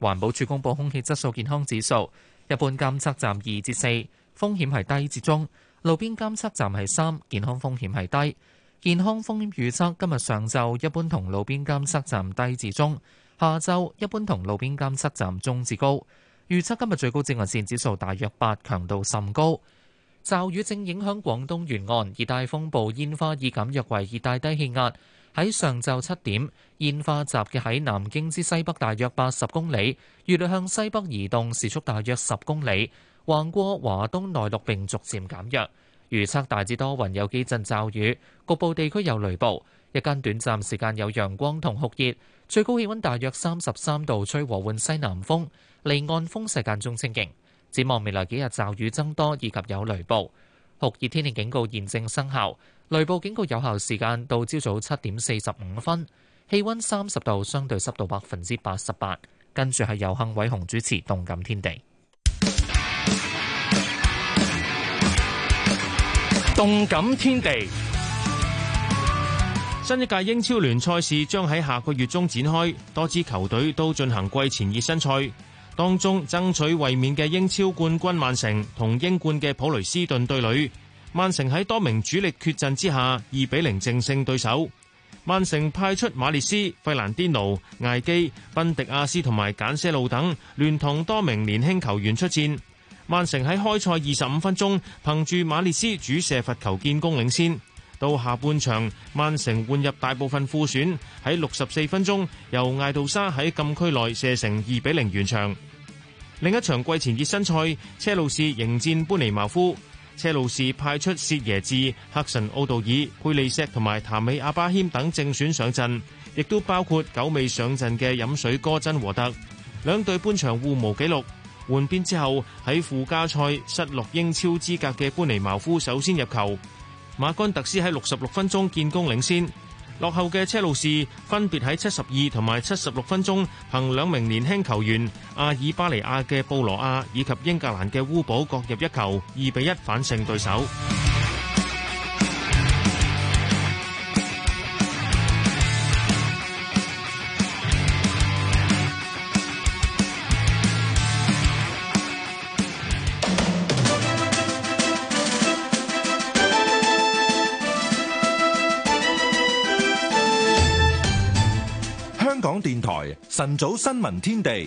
環保署公布空氣質素健康指數，一般監測站二至四，風險係低至中；路邊監測站係三，健康風險係低。健康風險預測今日上晝一般同路邊監測站低至中，下晝一般同路邊監測站中至高。預測今日最高紫外綫指數大約八，強度甚高。驟雨正影響廣東沿岸，熱帶風暴煙花已減弱為熱帶低氣壓。喺上晝七點，煙化集嘅喺南京之西北，大約八十公里。預料向西北移動，時速大約十公里，橫過華東內陸並逐漸減弱。預測大致多雲，有幾陣驟雨，局部地區有雷暴。一間短暫時間有陽光同酷熱，最高氣温大約三十三度，吹和緩西南風，離岸風勢間中清勁。展望未來幾日，驟雨增多，以及有雷暴。酷熱天氣警告現正生效，雷暴警告有效時間到朝早七點四十五分。氣温三十度，相對濕度百分之八十八。跟住係由幸偉雄主持《動感天地》。《動感天地》新一屆英超聯賽事將喺下個月中展開，多支球隊都進行季前熱身賽。當中爭取衛冕嘅英超冠軍曼城同英冠嘅普雷斯頓對壘。曼城喺多名主力缺陣之下二比零正勝對手。曼城派出馬列斯、費蘭迪奴、艾基、賓迪亞斯同埋簡舍魯等，聯同多名年輕球員出戰。曼城喺開賽二十五分鐘，憑住馬列斯主射罰球建功領先。到下半場，曼城換入大部分副選，喺六十四分鐘，由艾杜莎喺禁區內射成二比零完場。另一場季前熱身賽，車路士迎戰般尼茅夫。車路士派出薛耶治、克神奧道爾、佩利石同埋譚美阿巴謙等正選上陣，亦都包括久未上陣嘅飲水哥真和特。兩隊半場互無紀錄，換邊之後喺附加賽失落英超資格嘅般尼茅夫首先入球，馬干特斯喺六十六分鐘建功領先。落後嘅車路士分別喺七十二同埋七十六分鐘，憑兩名年輕球員，阿爾巴尼亞嘅布羅亞以及英格蘭嘅烏堡各入一球，二比一反勝對手。晨早新聞天地，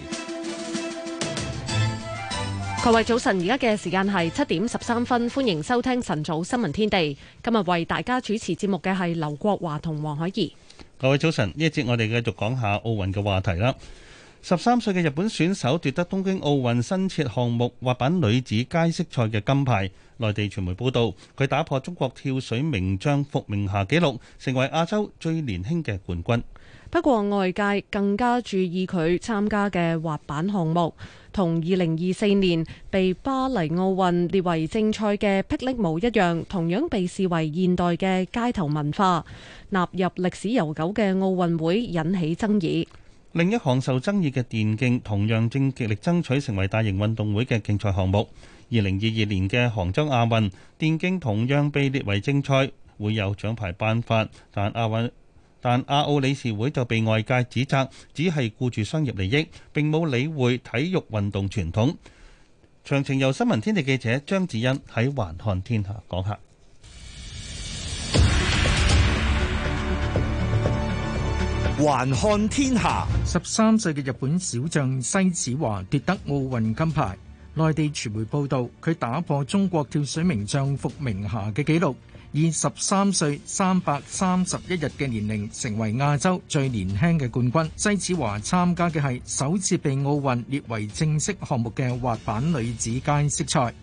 各位早晨，而家嘅時間係七點十三分，歡迎收聽晨早新聞天地。今日為大家主持節目嘅係劉國華同黃海怡。各位早晨，呢一節我哋繼續講下奧運嘅話題啦。十三歲嘅日本選手奪得東京奧運新設項目滑板女子街式賽嘅金牌。內地傳媒報道，佢打破中國跳水名將伏明霞紀錄，成為亞洲最年輕嘅冠軍。不過外界更加注意佢參加嘅滑板項目，同二零二四年被巴黎奧運列為正賽嘅霹靂舞一樣，同樣被視為現代嘅街頭文化，納入歷史悠久嘅奧運會，引起爭議。另一項受爭議嘅電競，同樣正極力爭取成為大型運動會嘅競賽項目。二零二二年嘅杭州亞運，電競同樣被列為正賽，會有獎牌頒發，但亞運但亞奧理事會就被外界指責，只係顧住商業利益，並冇理會體育運動傳統。詳情由新聞天地記者張子欣喺《環看天下》講下。《環看天下》，十三歲嘅日本小將西子華奪得奧運金牌。內地傳媒報道，佢打破中國跳水名將伏明霞嘅紀錄。以十三歲三百三十一日嘅年齡，成為亞洲最年輕嘅冠軍。西矢椛參加嘅係首次被奧運列為正式項目嘅滑板女子街式賽，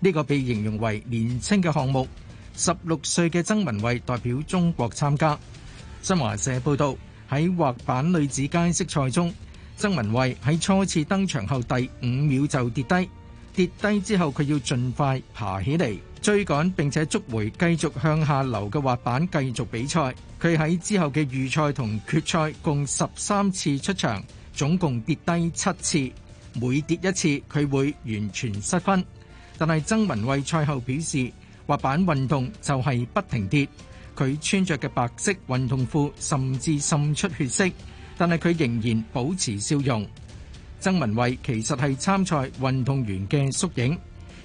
呢個被形容為年輕嘅項目。十六歲嘅曾文蕙代表中國參加。新華社報道，喺滑板女子街式賽中，曾文蕙喺初次登場後第五秒就跌低，跌低之後佢要盡快爬起嚟。追趕並且捉回繼續向下流嘅滑板，繼續比賽。佢喺之後嘅預賽同決賽共十三次出場，總共跌低七次。每跌一次，佢會完全失分。但係曾文惠賽後表示，滑板運動就係不停跌。佢穿着嘅白色運動褲甚至滲出血色，但係佢仍然保持笑容。曾文惠其實係參賽運動員嘅縮影。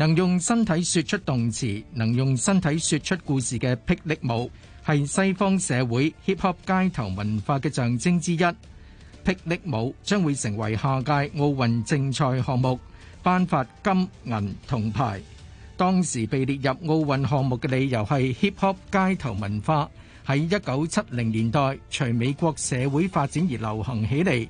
能用身體説出動詞，能用身體説出故事嘅霹靂舞，係西方社會 hip hop 街頭文化嘅象徵之一。霹靂舞將會成為下屆奧運正賽項目，頒發金銀銅牌。當時被列入奧運項目嘅理由係 hip hop 街頭文化喺一九七零年代隨美國社會發展而流行起嚟，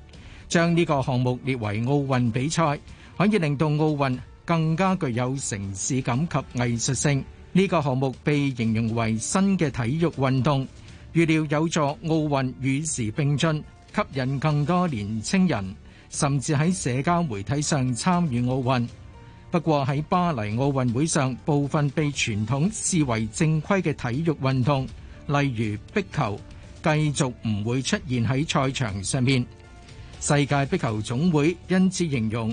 將呢個項目列為奧運比賽，可以令到奧運。更加具有城市感及藝術性，呢個項目被形容為新嘅體育運動，預料有助奧運與時並進，吸引更多年青人，甚至喺社交媒體上參與奧運。不過喺巴黎奧運會上，部分被傳統視為正規嘅體育運動，例如壁球，繼續唔會出現喺賽場上面。世界壁球總會因此形容。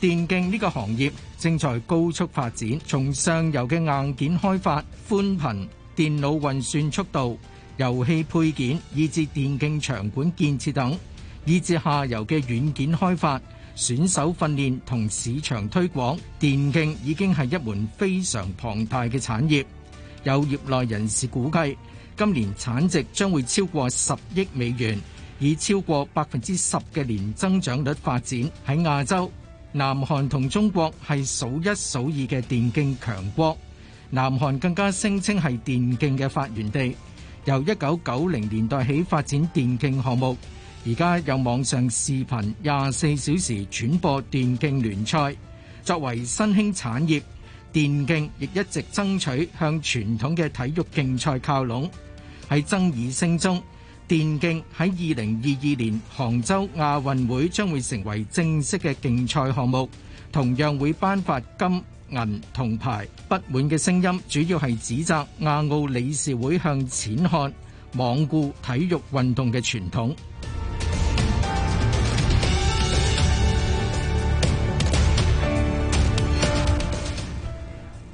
電競呢個行業正在高速發展，從上游嘅硬件開發、寬頻、電腦運算速度、遊戲配件、以至電競場館建設等，以至下游嘅軟件開發、選手訓練同市場推廣，電競已經係一門非常龐大嘅產業。有業內人士估計，今年產值將會超過十億美元，以超過百分之十嘅年增長率發展喺亞洲。南韓同中國係數一數二嘅電競強國，南韓更加聲稱係電競嘅發源地。由一九九零年代起發展電競項目，而家有網上視頻廿四小時轉播電競聯賽。作為新興產業，電競亦一直爭取向傳統嘅體育競賽靠攏，喺爭議聲中。電競喺二零二二年杭州亞運會將會成為正式嘅競賽項目，同樣會頒發金銀銅牌。不滿嘅聲音主要係指責亞奧理事會向錢看，罔顧體育運動嘅傳統。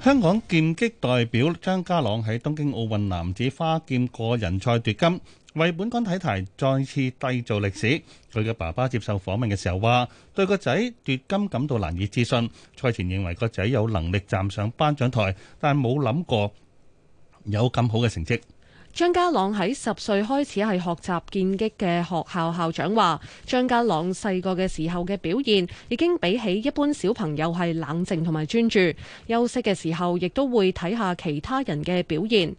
香港劍擊代表張家朗喺東京奧運男子花劍個人賽奪金。為本港體壇再次締造歷史，佢嘅爸爸接受訪問嘅時候話，對個仔奪金感到難以置信。賽前認為個仔有能力站上頒獎台，但冇諗過有咁好嘅成績。張家朗喺十歲開始係學習劍擊嘅學校校長話，張家朗細個嘅時候嘅表現已經比起一般小朋友係冷靜同埋專注，休息嘅時候亦都會睇下其他人嘅表現。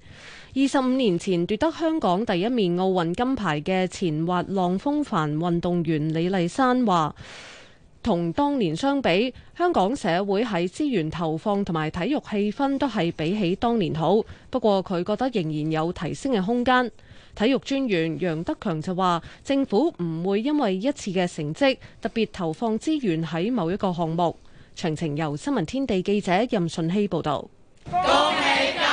二十五年前奪得香港第一面奧運金牌嘅前滑浪風帆運動員李麗珊話，同當年相比，香港社會喺資源投放同埋體育氣氛都係比起當年好。不過，佢覺得仍然有提升嘅空間。體育專員楊德強就話，政府唔會因為一次嘅成績特別投放資源喺某一個項目。詳情由新聞天地記者任順希報道。恭喜！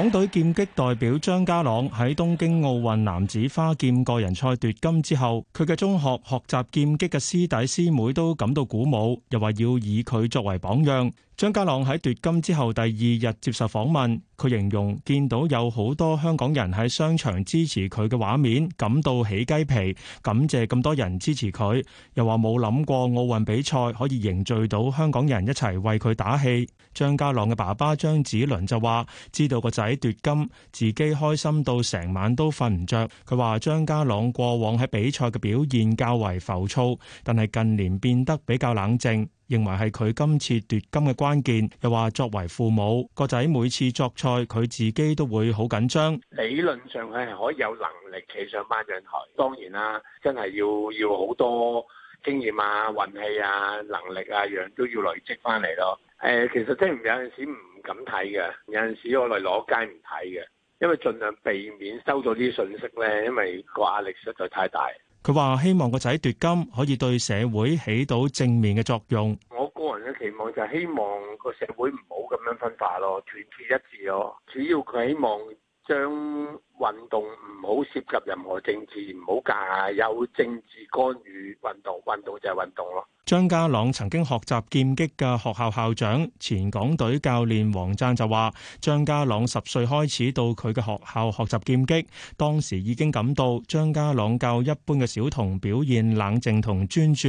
港隊劍擊代表張家朗喺東京奧運男子花劍個人賽奪金之後，佢嘅中學學習劍擊嘅師弟師妹都感到鼓舞，又話要以佢作為榜樣。張家朗喺奪金之後第二日接受訪問，佢形容見到有好多香港人喺商場支持佢嘅畫面，感到起雞皮，感謝咁多人支持佢。又話冇諗過奧運比賽可以凝聚到香港人一齊為佢打氣。張家朗嘅爸爸張子倫就話，知道個仔奪金，自己開心到成晚都瞓唔着。佢話張家朗過往喺比賽嘅表現較為浮躁，但係近年變得比較冷靜。認為係佢今次奪金嘅關鍵，又話作為父母，個仔每次作賽，佢自己都會好緊張。理論上佢係可以有能力企上頒獎台，當然啦，真係要要好多經驗啊、運氣啊、能力啊，樣都要累積翻嚟咯。誒，其實即係有陣時唔敢睇嘅，有陣時我嚟攞街唔睇嘅，因為盡量避免收到啲信息咧，因為個壓力實在太大。佢話希望個仔奪金可以對社會起到正面嘅作用。我個人嘅期望就係希望個社會唔好咁樣分化咯，團結一致咯。主要佢希望將。運動唔好涉及任何政治，唔好架有政治干預。運動運動就係運動咯。張家朗曾經學習劍擊嘅學校,校校長、前港隊教練王贊就話：張家朗十歲開始到佢嘅學校學習劍擊，當時已經感到張家朗較一般嘅小童表現冷靜同專注，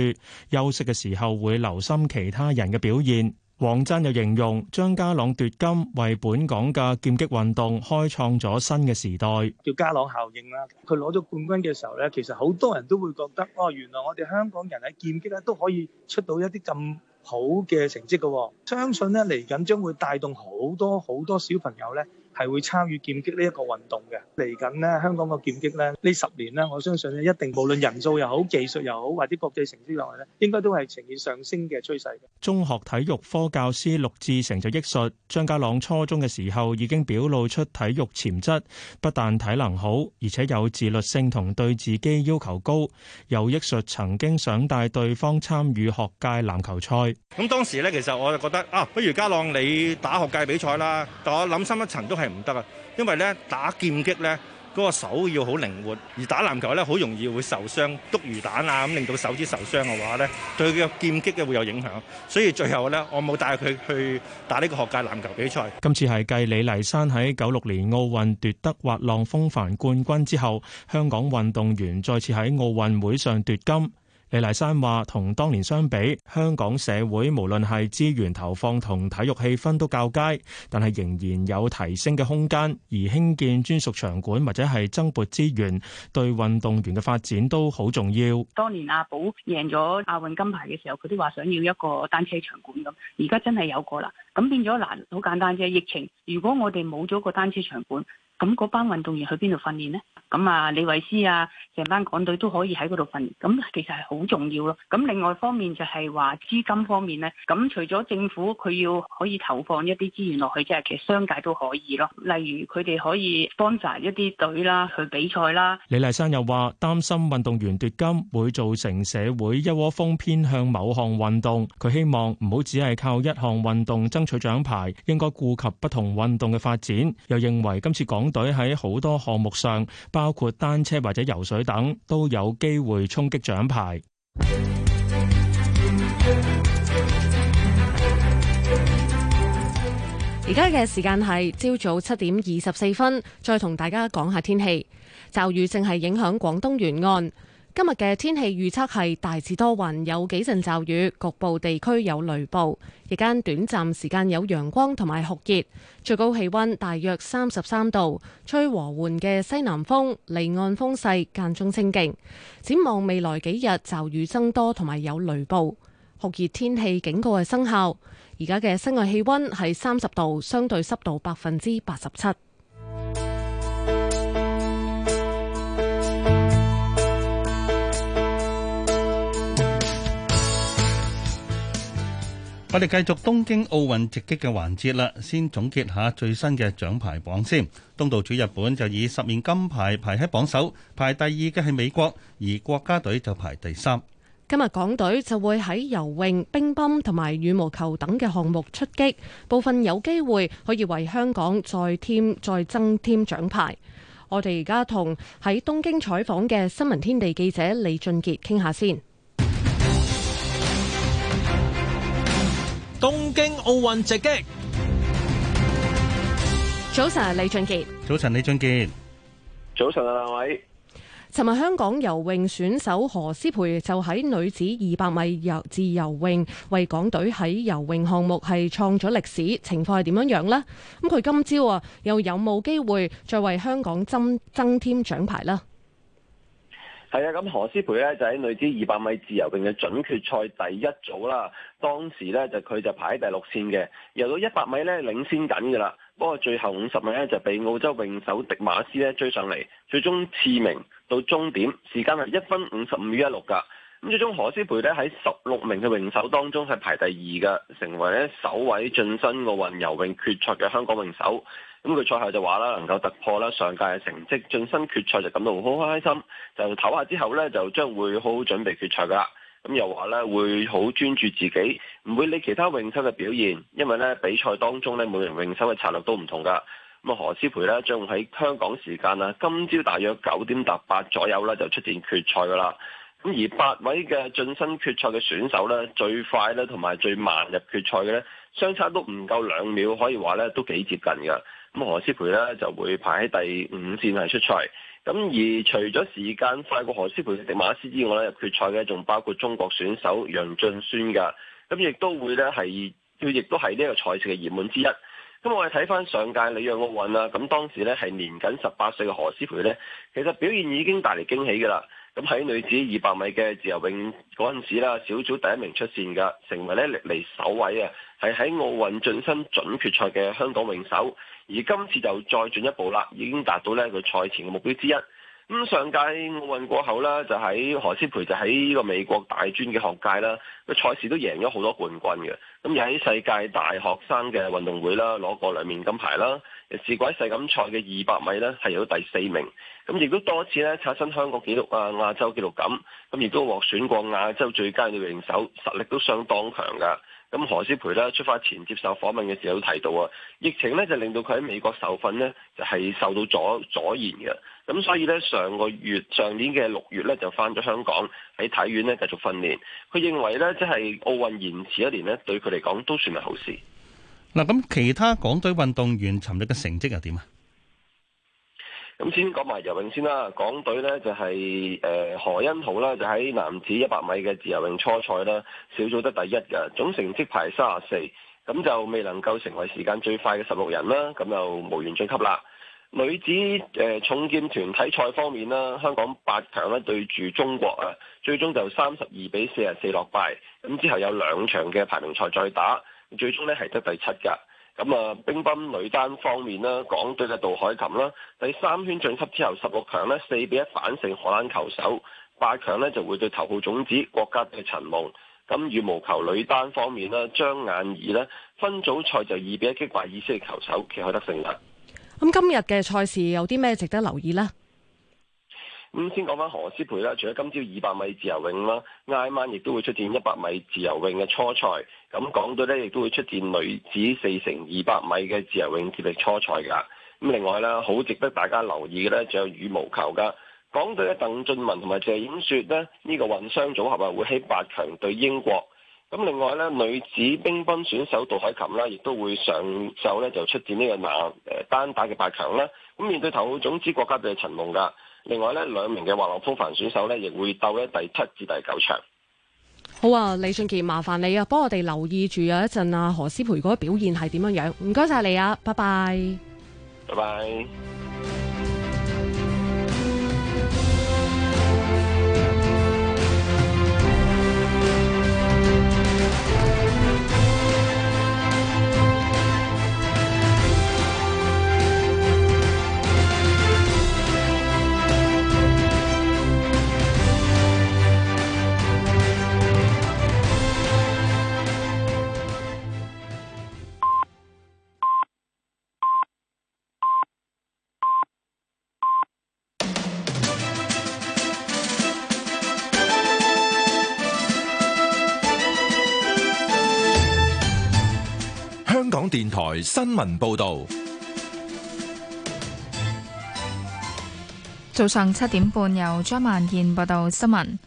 休息嘅時候會留心其他人嘅表現。黃振又形容張家朗奪金為本港嘅劍擊運動開創咗新嘅時代，叫家朗效應啦。佢攞咗冠軍嘅時候咧，其實好多人都會覺得，哦，原來我哋香港人喺劍擊咧都可以出到一啲咁好嘅成績嘅。相信咧嚟緊將會帶動好多好多小朋友咧。係會參與劍擊呢一個運動嘅，嚟緊呢，香港嘅劍擊呢，呢十年呢，我相信呢一定無論人數又好，技術又好，或者國際成績落嚟，呢應該都係呈現上升嘅趨勢。中學體育科教師陸志成就憶述：張家朗初中嘅時候已經表露出體育潛質，不但體能好，而且有自律性同對自己要求高。有憶述曾經想帶對方參與學界籃球賽。咁當時呢，其實我就覺得啊，不如家朗你打學界比賽啦。但我諗深一層都係。唔得啊！因為咧打劍擊咧，嗰個手要好靈活，而打籃球咧，好容易會受傷，篤魚蛋啊咁，令到手指受傷嘅話咧，對佢劍擊嘅會有影響，所以最後咧，我冇帶佢去打呢個學界籃球比賽。今次係繼李麗珊喺九六年奧運奪得滑浪風帆冠軍之後，香港運動員再次喺奧運會上奪金。李麗珊話：同當年相比，香港社會無論係資源投放同體育氣氛都較佳，但係仍然有提升嘅空間。而興建專屬場館或者係增撥資源，對運動員嘅發展都好重要。當年阿寶贏咗亞運金牌嘅時候，佢都話想要一個單車場館咁，而家真係有個啦。咁變咗難，好簡單啫。疫情，如果我哋冇咗個單車場館，咁嗰班運動員去邊度訓練呢？咁啊，李維斯啊，成班港隊都可以喺嗰度訓練。咁其實係好重要咯。咁另外方面就係話資金方面呢，咁除咗政府佢要可以投放一啲資源落去即係，其實商界都可以咯。例如佢哋可以幫扎一啲隊啦，去比賽啦。李麗珊又話：擔心運動員奪金會造成社會一窩蜂偏向某項運動。佢希望唔好只係靠一項運動爭取獎牌，應該顧及不同運動嘅發展。又認為今次港隊喺好多項目上，包括單車或者游水等，都有機會衝擊獎牌。而家嘅時間係朝早七點二十四分，再同大家講下天氣。驟雨正係影響廣東沿岸。今日嘅天氣預測係大致多雲，有幾陣驟雨，局部地區有雷暴，日間短暫時間有陽光同埋酷熱，最高氣溫大約三十三度，吹和緩嘅西南風，離岸風勢間中清勁。展望未來幾日，驟雨增多同埋有雷暴，酷熱天氣警告係生效。而家嘅室外氣溫係三十度，相對濕度百分之八十七。我哋繼續東京奧運直擊嘅環節啦，先總結下最新嘅獎牌榜先。東道主日本就以十面金牌排喺榜首，排第二嘅係美國，而國家隊就排第三。今日港隊就會喺游泳、乒乓同埋羽毛球等嘅項目出擊，部分有機會可以為香港再添再增添獎牌。我哋而家同喺東京採訪嘅新聞天地記者李俊傑傾下先。東京奧運直擊，早晨，李俊傑。早晨，李俊傑。早晨啊，兩位。尋日香港游泳選手何詩蓓就喺女子二百米游自由泳為港隊喺游泳項目係創咗歷史，情況係點樣樣呢？咁佢今朝啊又有冇機會再為香港增增添獎牌呢？係啊，咁何詩蓓咧就喺女子二百米自由泳嘅準決賽第一組啦，當時咧就佢就排喺第六線嘅，游到一百米咧領先緊㗎喇，不過最後五十米咧就俾澳洲泳手迪馬斯咧追上嚟，最終次名到終點，時間係一分五十五秒一六噶。咁最終何詩蓓咧喺十六名嘅泳手當中係排第二嘅，成為咧首位晉身奧運游泳決賽嘅香港泳手。咁佢賽後就話啦，能夠突破啦上屆嘅成績，晉身決賽就感到好開心。就唞下之後咧，就將會好好準備決賽噶啦。咁又話咧會好專注自己，唔會理會其他泳手嘅表現，因為咧比賽當中咧每名泳手嘅策略都唔同噶。咁啊何詩蓓咧將會喺香港時間啊今朝大約九點搭八左右咧就出戰決賽噶啦。咁而八位嘅晉身決賽嘅選手咧，最快咧同埋最慢入決賽嘅咧，相差都唔夠兩秒，可以話咧都幾接近㗎。咁何詩蓓咧就會排喺第五線係出賽。咁而除咗時間快過何詩蓓迪馬斯之外咧，入決賽嘅仲包括中國選手楊俊宣嘅。咁亦都會咧係，佢亦都係呢一個賽事嘅熱門之一。咁、嗯、我哋睇翻上屆里約奧運啦，咁當時咧係年僅十八歲嘅何詩蓓咧，其實表現已經帶嚟驚喜㗎啦。咁喺女子二百米嘅自由泳嗰陣時啦，小組第一名出線嘅，成為咧歷嚟首位啊，係喺奧運晉身準決賽嘅香港泳手。而今次就再進一步啦，已經達到咧佢賽前嘅目標之一。咁上屆奧運過後咧，就喺何詩蓓就喺呢個美國大專嘅學界啦，個賽事都贏咗好多冠軍嘅。咁又喺世界大學生嘅運動會啦，攞過兩面金牌啦。又試過喺世錦賽嘅二百米咧，係有第四名。咁亦都多次咧刷新香港紀錄啊、亞洲紀錄咁，咁亦都獲選過亞洲最佳女泳手，實力都相當強噶。咁何詩蓓咧出發前接受訪問嘅時候都提到啊，疫情咧就令到佢喺美國受訓咧就係受到阻阻延嘅，咁所以咧上個月上年嘅六月咧就翻咗香港喺體院咧繼續訓練。佢認為咧即係奧運延遲一年咧對佢嚟講都算係好事。嗱，咁其他港隊運動員尋日嘅成績又點啊？咁先講埋游泳先啦，港隊咧就係、是、誒、呃、何恩豪啦，就喺男子一百米嘅自由泳初賽啦，小組得第一嘅，總成績排三十四，咁就未能夠成為時間最快嘅十六人啦，咁就無緣晉級啦。女子誒、呃、重劍團體賽方面啦，香港八強咧對住中國啊，最終就三十二比四十四落敗，咁之後有兩場嘅排名賽再打，最終咧係得第七㗎。咁啊，乒乓女單方面啦，港隊嘅杜海琴啦，第三圈晉級之後十六強呢，四比一反勝荷蘭球手，八強呢就會對頭號種子國家隊陳夢。咁羽毛球女單方面啦，張雁儀呢，分組賽就二比一擊敗以色列球手，旗開得勝啦。咁今日嘅賽事有啲咩值得留意呢？咁先講翻何詩蓓啦，除咗今朝二百米自由泳啦，挨晚亦都會出戰一百米自由泳嘅初賽。咁港隊咧亦都會出戰女子四乘二百米嘅自由泳接力初賽㗎。咁另外咧，好值得大家留意嘅咧，仲有羽毛球噶。港隊咧，鄧俊文同埋謝影雪咧，呢個混雙組合啊會喺八強對英國。咁另外咧，女子乒乓選手杜海琴啦，亦都會上晝咧就出戰呢個男誒單打嘅八強啦。咁面對頭號種子國家隊陳夢㗎。另外咧，兩名嘅滑浪風帆選手咧，亦會鬥喺第七至第九場。好啊，李俊杰，麻煩你啊，幫我哋留意住有一陣啊，何詩蓓嗰表現係點樣樣？唔該晒你啊，拜拜，拜拜。電台新聞報道：早上七點半，由張萬健報道新聞。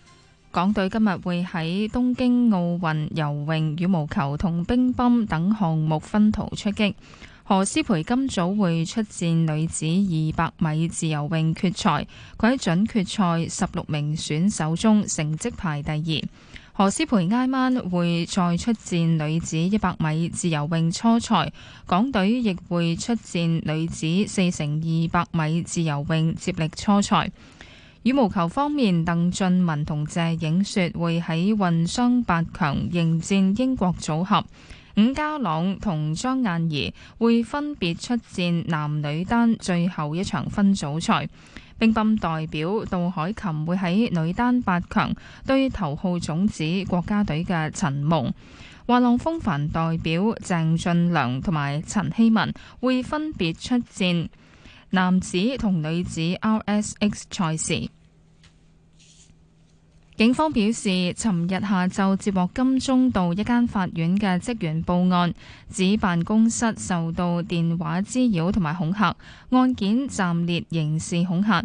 港隊今日會喺東京奧運游泳、羽毛球同乒乓等項目分途出擊。何詩蓓今早會出戰女子二百米自由泳決賽，佢喺準決賽十六名選手中成績排第二。何詩蓓挨晚會再出戰女子一百米自由泳初賽，港隊亦會出戰女子四乘二百米自由泳接力初賽。羽毛球方面，鄧俊文同謝影雪會喺混雙八強迎戰英國組合，伍家朗同張雁宜會分別出戰男女單最後一場分組賽。乒乓代表杜海琴會喺女單八強對頭號種子國家隊嘅陳夢，滑浪風帆代表鄭俊良同埋陳希文會分別出戰男子同女子 RSX 賽事。警方表示，尋日下晝接獲金鐘道一間法院嘅職員報案，指辦公室受到電話滋擾同埋恐嚇，案件暫列刑事恐嚇，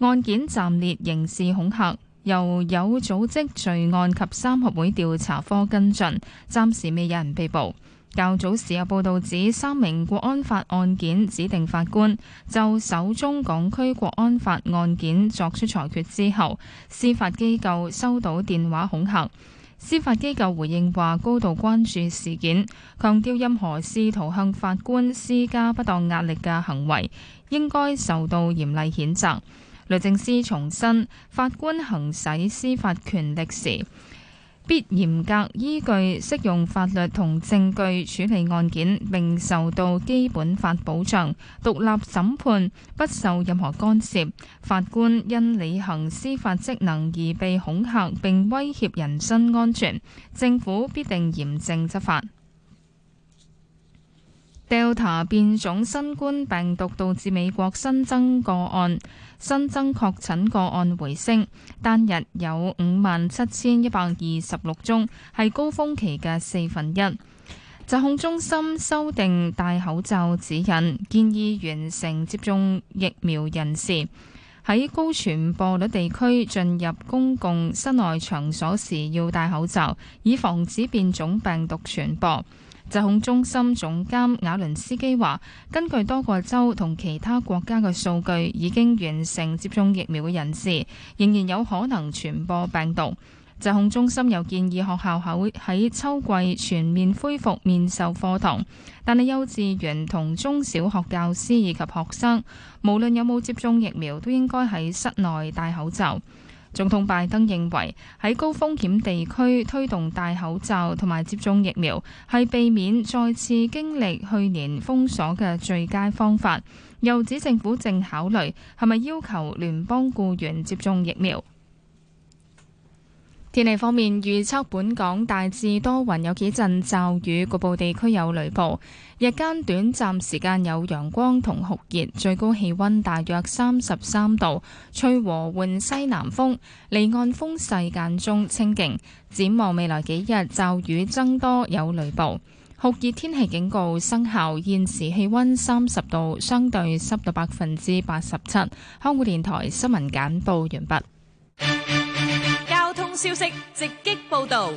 案件暫列刑事恐嚇，由有組織罪案及三合會調查科跟進，暫時未有人被捕。較早時有報道指，三名國安法案件指定法官就首宗港區國安法案件作出裁決之後，司法機構收到電話恐嚇。司法機構回應話，高度關注事件，強調任何試圖向法官施加不當壓力嘅行為應該受到嚴厲譴責。律政司重申，法官行使司法權力時，必嚴格依據適用法律同證據處理案件，並受到基本法保障，獨立審判，不受任何干涉。法官因履行司法職能而被恐嚇並威脅人身安全，政府必定嚴正執法。Delta 變種新冠病毒導致美國新增個案，新增確診個案回升，單日有五萬七千一百二十六宗，係高峰期嘅四分一。疾控中心修訂戴口罩指引，建議完成接種疫苗人士喺高傳播率地區進入公共室內場所時要戴口罩，以防止變種病毒傳播。疾控中心總監瓦倫斯基話：根據多個州同其他國家嘅數據，已經完成接種疫苗嘅人士仍然有可能傳播病毒。疾控中心又建議學校喺喺秋季全面恢復面授課堂，但係幼稚園同中小學教師以及學生，無論有冇接種疫苗，都應該喺室內戴口罩。總統拜登認為喺高風險地區推動戴口罩同埋接種疫苗係避免再次經歷去年封鎖嘅最佳方法，又指政府正考慮係咪要求聯邦僱員接種疫苗。天氣方面，預測本港大致多雲，有幾陣驟雨，局部地區有雷暴。日間短暫時間有陽光同酷熱，最高氣温大約三十三度，吹和緩西南風。離岸風勢間中清勁。展望未來幾日，驟雨增多，有雷暴，酷熱天氣警告生效。現時氣温三十度，相對濕度百分之八十七。香港電台新聞簡報完畢。消息直擊報導。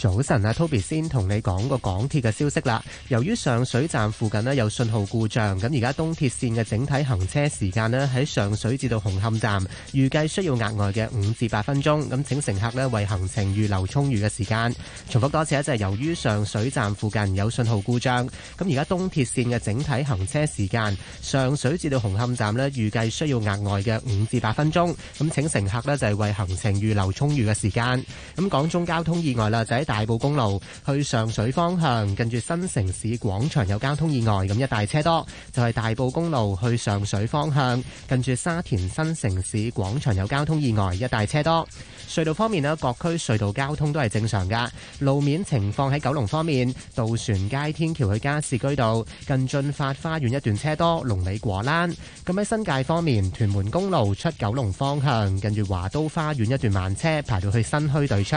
早晨啊，Toby 先同你講個港鐵嘅消息啦。由於上水站附近咧有信號故障，咁而家東鐵綫嘅整體行車時間咧喺，上水至到紅磡站，預計需要額外嘅五至八分鐘。咁請乘客咧為行程預留充裕嘅時間。重複多次咧，就係由於上水站附近有信號故障，咁而家東鐵綫嘅整體行車時間，上水至到紅磡站咧預計需要額外嘅五至八分鐘。咁請乘客咧就係為行程預留充裕嘅時間。咁港中交通意外啦，就喺。大埔公路去上水方向，近住新城市廣場有交通意外，咁一大車多；就係大埔公路去上水方向，近住沙田新城市廣場有交通意外，一大車多。隧道方面咧，各區隧道交通都係正常噶路面情況喺九龍方面，渡船街天橋去加士居道，近駿發花園一段車多，龍尾果欄。咁喺新界方面，屯門公路出九龍方向，近住華都花園一段慢車，排到去新墟對出。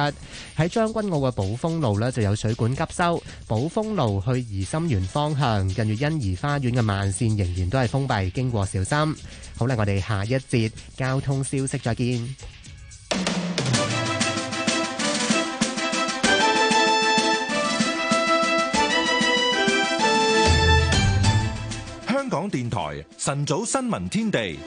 喺將軍澳嘅寶豐路咧就有水管急修，寶豐路去怡心園方向，近悅欣怡花園嘅慢線仍然都係封閉，經過小心。好啦，我哋下一節交通消息再見。香港電台晨早新聞天地。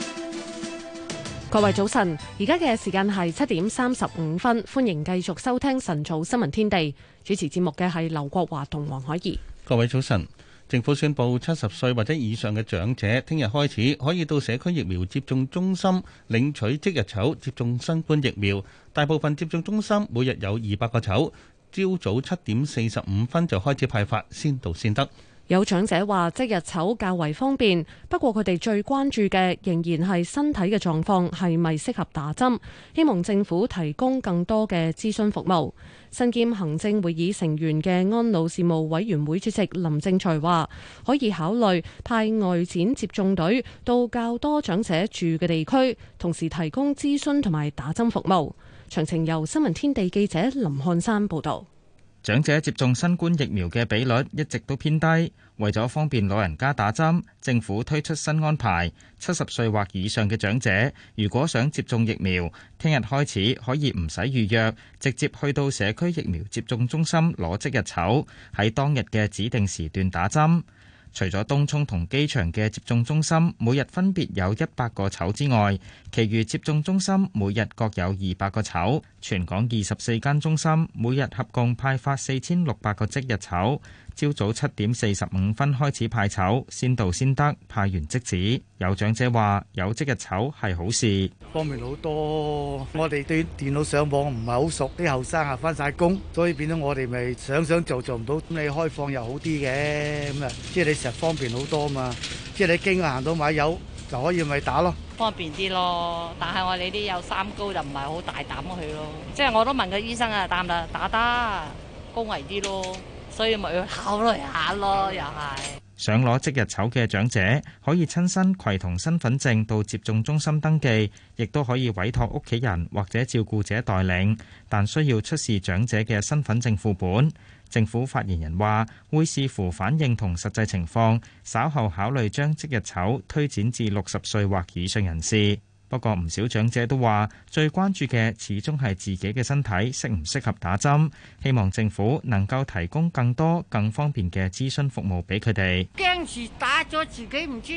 各位早晨，而家嘅時間係七點三十五分，歡迎繼續收聽晨早新聞天地。主持節目嘅係劉國華同黃海怡。各位早晨，政府宣布七十歲或者以上嘅長者，聽日開始可以到社區疫苗接種中心領取即日籌接種新冠疫苗。大部分接種中心每日有二百個籌，朝早七點四十五分就開始派發，先到先得。有長者話即日籌較為方便，不過佢哋最關注嘅仍然係身體嘅狀況係咪適合打針，希望政府提供更多嘅諮詢服務。身兼行政會議成員嘅安老事務委員會主席林正財話，可以考慮派外展接種隊到較多長者住嘅地區，同時提供諮詢同埋打針服務。詳情由新聞天地記者林漢山報道。長者接種新冠疫苗嘅比率一直都偏低，為咗方便老人家打針，政府推出新安排：七十歲或以上嘅長者，如果想接種疫苗，聽日開始可以唔使預約，直接去到社區疫苗接種中心攞即日籌，喺當日嘅指定時段打針。除咗東涌同機場嘅接種中心，每日分別有一百個籌之外，其餘接種中心每日各有二百個籌，全港二十四間中心每日合共派發四千六百個即日籌。朝早七點四十五分開始派籌，先到先得，派完即止。有長者話：有即日籌係好事，方便好多。我哋對電腦上網唔係好熟，啲後生啊返晒工，所以變咗我哋咪想想做做唔到。你開放又好啲嘅咁啊，即係你成日方便好多嘛。即係你經行到買油就可以咪打咯，方便啲咯。但係我哋啲有三高就唔係好大膽去咯。即係我都問個醫生啊，得唔得？打得高危啲咯。所以咪要考慮下咯，又係想攞即日籌嘅長者可以親身携同身份證到接種中心登記，亦都可以委託屋企人或者照顧者代領，但需要出示長者嘅身份證副本。政府發言人話會視乎反應同實際情況，稍後考慮將即日籌推展至六十歲或以上人士。不過唔少長者都話，最關注嘅始終係自己嘅身體適唔適合打針，希望政府能夠提供更多更方便嘅諮詢服務俾佢哋。驚住打咗自己唔知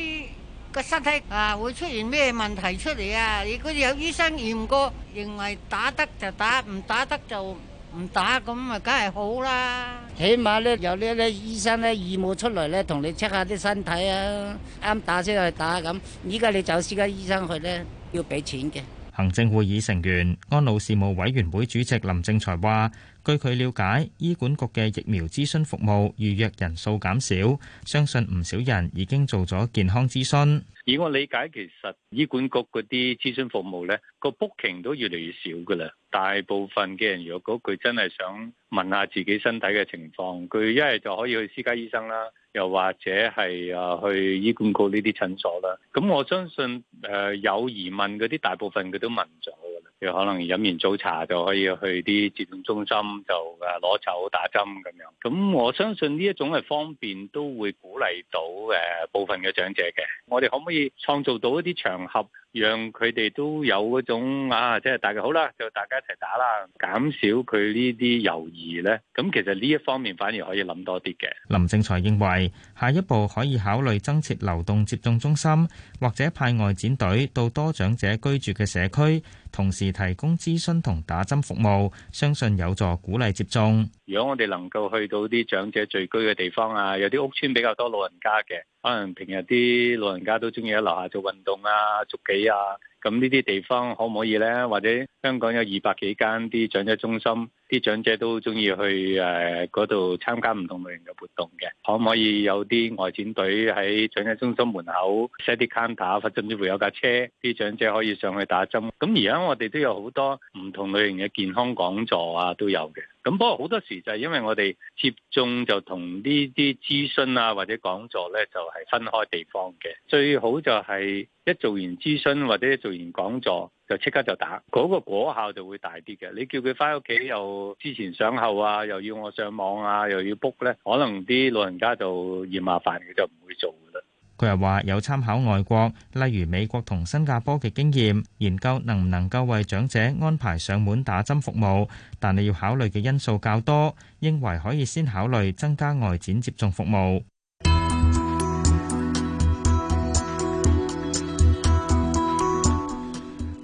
個身體啊會出現咩問題出嚟啊！如果有醫生驗過，認為打得就打，唔打得就唔打，咁啊梗係好啦。起碼咧有呢啲醫生咧義務出嚟咧同你 check 下啲身體啊，啱打先去打咁。依家你走私家醫生去咧。要俾錢嘅。行政會議成員、安老事務委員會主席林正才話，據佢了解，醫管局嘅疫苗諮詢服務預約人數減少，相信唔少人已經做咗健康諮詢。以我理解，其實醫管局嗰啲諮詢服務咧，個 booking 都越嚟越少㗎喇。大部分嘅人，如果佢真係想問下自己身體嘅情況，佢一係就可以去私家醫生啦，又或者係啊去醫管局呢啲診所啦。咁我相信誒有疑問嗰啲，大部分佢都問咗嘅。佢可能飲完早茶就可以去啲接種中心就啊攞籌打針咁樣。咁我相信呢一種係方便，都會鼓勵到誒部分嘅長者嘅。我哋可唔可以創造到一啲場合？讓佢哋都有嗰種啊，即係大家好啦，就大家一齊打啦，減少佢呢啲猶豫呢。咁其實呢一方面反而可以諗多啲嘅。林正財認為，下一步可以考慮增設流動接種中心，或者派外展隊到多長者居住嘅社區。同時提供諮詢同打針服務，相信有助鼓勵接種。如果我哋能夠去到啲長者聚居嘅地方啊，有啲屋村比較多老人家嘅，可能平日啲老人家都鍾意喺樓下做運動啊、捉棋啊，咁呢啲地方可唔可以呢？或者？香港有二百幾間啲長者中心，啲長者都中意去誒嗰度參加唔同類型嘅活動嘅。可唔可以有啲外展隊喺長者中心門口 set 啲 counter，或者甚至乎有架車，啲長者可以上去打針。咁而家我哋都有好多唔同類型嘅健康講座啊，都有嘅。咁不過好多時就係因為我哋接種就同呢啲諮詢啊或者講座咧就係分開地方嘅。最好就係一做完諮詢或者一做完講座。就即刻就打嗰個果效就會大啲嘅。你叫佢翻屋企又思前想後啊，又要我上網啊，又要 book 咧，可能啲老人家就嫌麻煩，佢就唔會做噶啦。佢又話有參考外國，例如美國同新加坡嘅經驗，研究能唔能夠為長者安排上門打針服務，但你要考慮嘅因素較多，認為可以先考慮增加外展接種服務。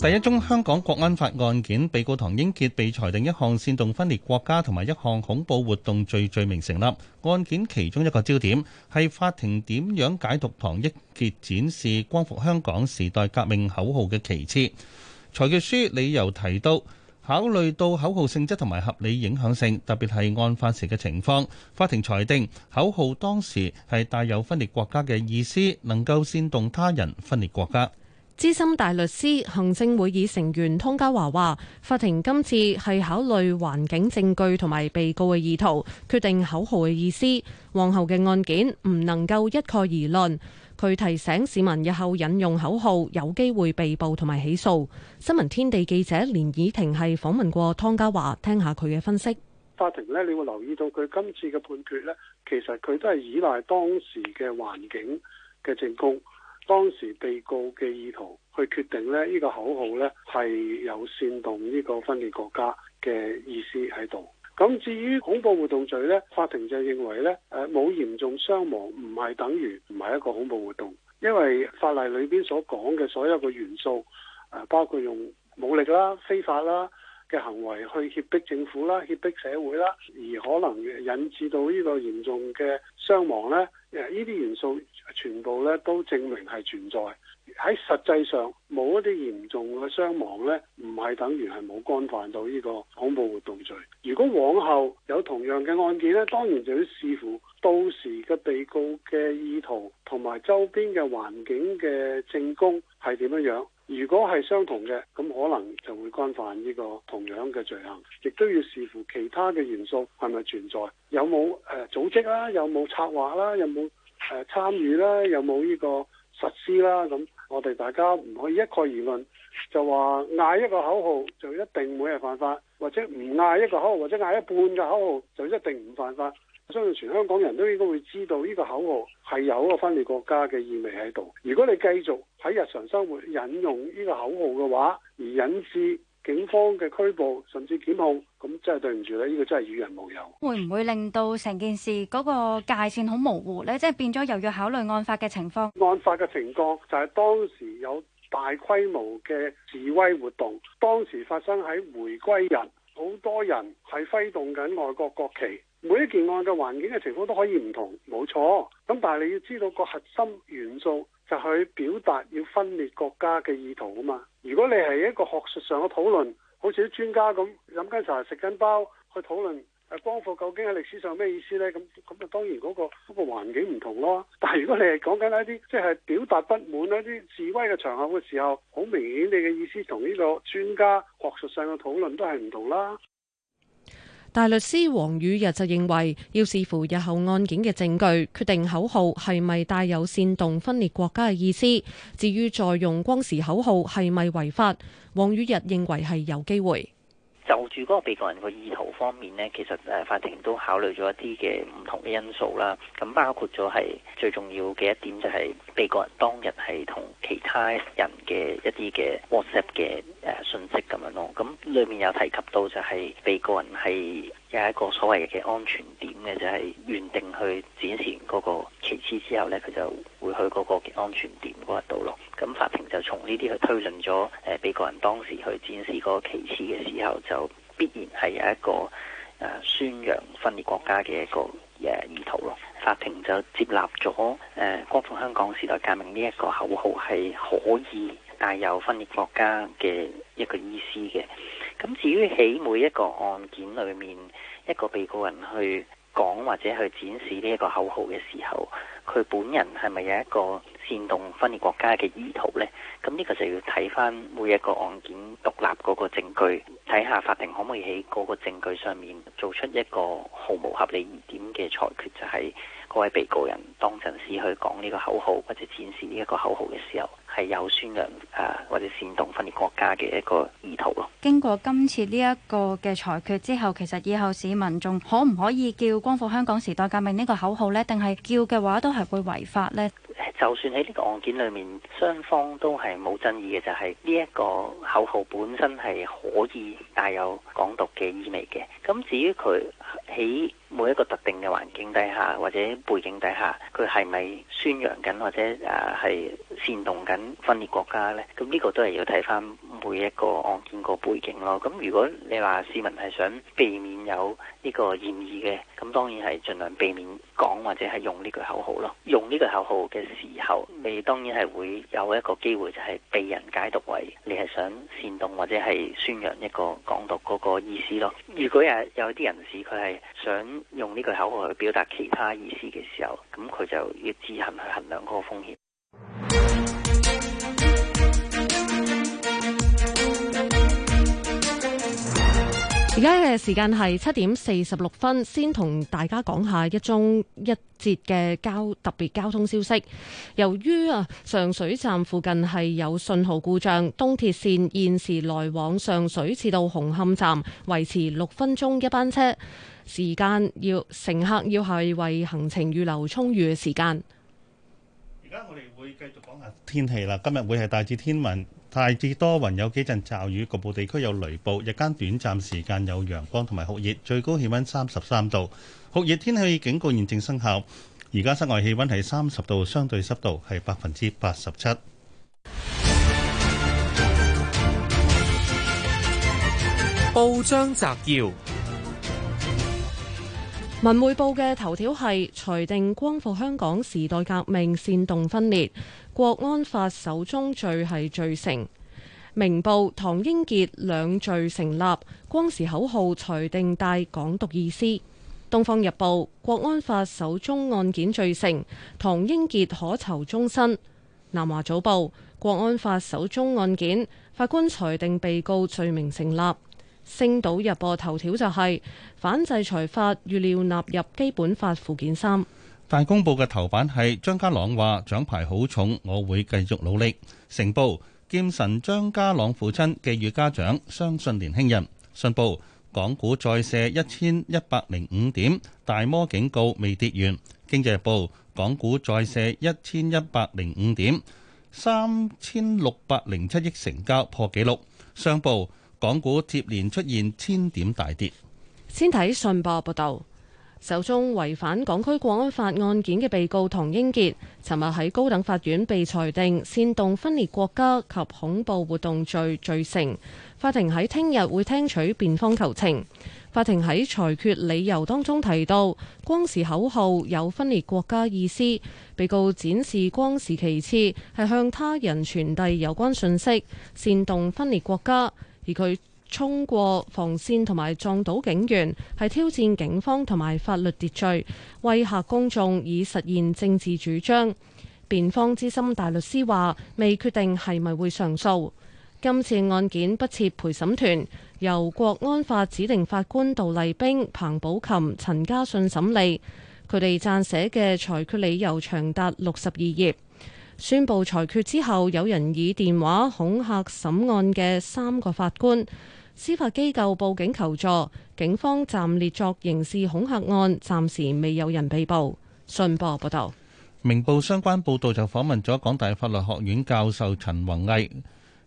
第一宗香港國安法案件，被告唐英傑被裁定一項煽動分裂國家同埋一項恐怖活動罪罪名成立。案件其中一個焦點係法庭點樣解讀唐英傑展示光復香港時代革命口號嘅旗幟，裁決書理由提到，考慮到口號性質同埋合理影響性，特別係案發時嘅情況，法庭裁定口號當時係帶有分裂國家嘅意思，能夠煽動他人分裂國家。資深大律師、行政會議成員湯家驊話，法庭今次係考慮環境證據同埋被告嘅意圖，決定口號嘅意思。往後嘅案件唔能夠一概而論。佢提醒市民日後引用口號，有機會被捕同埋起訴。新聞天地記者連以婷係訪問過湯家驊，聽下佢嘅分析。法庭呢，你會留意到佢今次嘅判決呢，其實佢都係依賴當時嘅環境嘅證供。當時被告嘅意圖去決定咧，呢個口號咧係有煽動呢個分裂國家嘅意思喺度。咁至於恐怖活動罪呢，法庭就認為咧，誒冇嚴重傷亡唔係等於唔係一個恐怖活動，因為法例裏邊所講嘅所有嘅元素，誒包括用武力啦、非法啦嘅行為去脅迫政府啦、脅迫社會啦，而可能引致到呢個嚴重嘅傷亡咧，誒呢啲元素。全部咧都證明係存在，喺實際上冇一啲嚴重嘅傷亡咧，唔係等於係冇干犯到呢個恐怖活動罪。如果往後有同樣嘅案件咧，當然就要視乎到時嘅被告嘅意圖同埋周邊嘅環境嘅證供係點樣樣。如果係相同嘅，咁可能就會干犯呢個同樣嘅罪行，亦都要視乎其他嘅元素係咪存在，有冇誒、呃、組織啦、啊，有冇策劃啦、啊，有冇？誒參與啦，有冇呢個實施啦？咁我哋大家唔可以一概而論，就話嗌一個口號就一定唔會係犯法，或者唔嗌一個口號，或者嗌一半嘅口號就一定唔犯法。相信全香港人都應該會知道呢個口號係有個分裂國家嘅意味喺度。如果你繼續喺日常生活引用呢個口號嘅話，而引致警方嘅拘捕甚至檢控，咁真係對唔住咧！呢個真係與人無尤，會唔會令到成件事嗰個界線好模糊咧？即係變咗又要考慮案發嘅情況。案發嘅情況就係當時有大規模嘅示威活動，當時發生喺回歸日，好多人係揮動緊外國國旗。每一件案嘅環境嘅情況都可以唔同，冇錯。咁但係你要知道個核心元素就係表達要分裂國家嘅意圖啊嘛。如果你係一個學術上嘅討論，好似啲專家咁飲緊茶食緊包去討論誒光復究竟喺歷史上咩意思呢？咁咁啊當然嗰個嗰個環境唔同咯。但係如果你係講緊一啲即係表達不滿一啲示威嘅場合嘅時候，好明顯你嘅意思同呢個專家學術上嘅討論都係唔同啦。大律師黃宇日就認為，要視乎日後案件嘅證據，決定口號係咪帶有煽動分裂國家嘅意思。至於再用光時口號係咪違法，黃宇日認為係有機會。就住嗰個被告人個意圖方面呢，其實誒法庭都考慮咗一啲嘅唔同嘅因素啦。咁包括咗係最重要嘅一點，就係被告人當日係同其他人嘅一啲嘅 WhatsApp 嘅誒訊息咁樣咯。咁裡面有提及到就係被告人係。有一個所謂嘅安全點嘅，就係原定去展示嗰個旗幟之後呢，佢就會去嗰個安全點嗰一度咯。咁法庭就從呢啲去推論咗，誒被告人當時去展示嗰個旗幟嘅時候，就必然係有一個、呃、宣揚分裂國家嘅一個誒、呃、意圖咯。法庭就接納咗，誒、呃、光復香港時代革命呢一個口號係可以帶有分裂國家嘅一個意思嘅。咁至於喺每一個案件裏面，一個被告人去講或者去展示呢一個口號嘅時候，佢本人係咪有一個煽動分裂國家嘅意圖呢？咁呢個就要睇翻每一個案件獨立嗰個證據，睇下法庭可唔可以喺嗰個證據上面做出一個毫無合理疑點嘅裁決，就係嗰位被告人當陣時去講呢個口號或者展示呢一個口號嘅時候，係有宣揚誒或者煽動分裂國家嘅一個意圖咯。經過今次呢一個嘅裁決之後，其實以後市民仲可唔可以叫光復香港時代革命呢個口號呢？定係叫嘅話都係會違法呢？就算喺呢個案件裏面，雙方都係冇爭議嘅，就係呢一個口號本身係可以帶有港獨嘅意味嘅。咁至於佢喺每一個特定嘅環境底下或者背景底下，佢係咪宣揚緊或者誒係煽動緊分裂國家呢？咁呢個都係要睇翻每一個案件個背景咯。咁如果你話市民係想避免有，呢個嫌疑嘅，咁當然係盡量避免講或者係用呢句口號咯。用呢句口號嘅時候，你當然係會有一個機會，就係被人解讀為你係想煽動或者係宣揚一個港獨嗰個意思咯。如果有有啲人士佢係想用呢句口號去表達其他意思嘅時候，咁佢就要自行去衡量嗰個風險。而家嘅時間係七點四十六分，先同大家講下一宗一節嘅交特別交通消息。由於啊上水站附近係有信號故障，東鐵綫現時來往上水至到紅磡站維持六分鐘一班車，時間要乘客要係為行程預留充裕嘅時間。而家我哋會繼續講下天氣啦，今日會係大致天文。大致多雲，有幾陣驟雨，局部地區有雷暴。日間短暫時間有陽光，同埋酷熱，最高氣溫三十三度。酷熱天氣警告現正生效。而家室外氣溫係三十度，相對濕度係百分之八十七。報章摘要。文匯報嘅頭條係，裁定光復香港時代革命煽動分裂，國安法首宗罪係罪成。明報唐英傑兩罪成立，光時口號裁定帶港獨意思。東方日報國安法首宗案件罪成，唐英傑可囚終身。南華早報國安法首宗案件，法官裁定被告罪名成立。星島日報頭條就係反制裁法，預料納入基本法附件三。大公報嘅頭版係張家朗話獎牌好重，我會繼續努力。成報劍神張家朗父親寄語家長：相信年輕人。信報港股再瀉一千一百零五點，大摩警告未跌完。經濟日報港股再瀉一千一百零五點，三千六百零七億成交破紀錄。商報港股接連出現千點大跌。先睇信報報道，首宗違反港區國安法案件嘅被告唐英傑，尋日喺高等法院被裁定煽動分裂國家及恐怖活動罪罪成。法庭喺聽日會聽取辯方求情。法庭喺裁決理由當中提到，光時口號有分裂國家意思，被告展示光時旗幟，係向他人傳遞有關信息，煽動分裂國家。而佢衝過防線同埋撞到警員，係挑戰警方同埋法律秩序，威嚇公眾以實現政治主張。辯方資深大律師話，未決定係咪會上訴。今次案件不設陪審團，由國安法指定法官杜麗冰、彭寶琴、陳家信審理。佢哋撰寫嘅裁決理由長達六十二頁。宣布裁決之後，有人以電話恐嚇審案嘅三個法官，司法機構報警求助，警方暫列作刑事恐嚇案，暫時未有人被捕。信報報道，明報相關報道就訪問咗港大法律學院教授陳弘毅。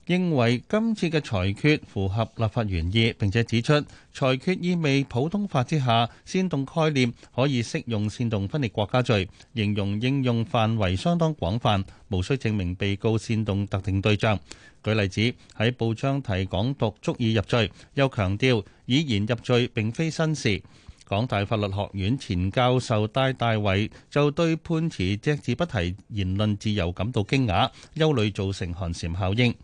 認為今次嘅裁決符合立法原意，並且指出裁決意味普通法之下煽動概念可以適用煽動分裂國家罪，形容應用範圍相當廣泛，無需證明被告煽動特定對象。舉例子喺報章提港獨足以入罪，又強調以言入罪並非新事。港大法律學院前教授戴大偉就對判詞隻字不提言論自由感到驚訝，憂慮造成寒蟬效應。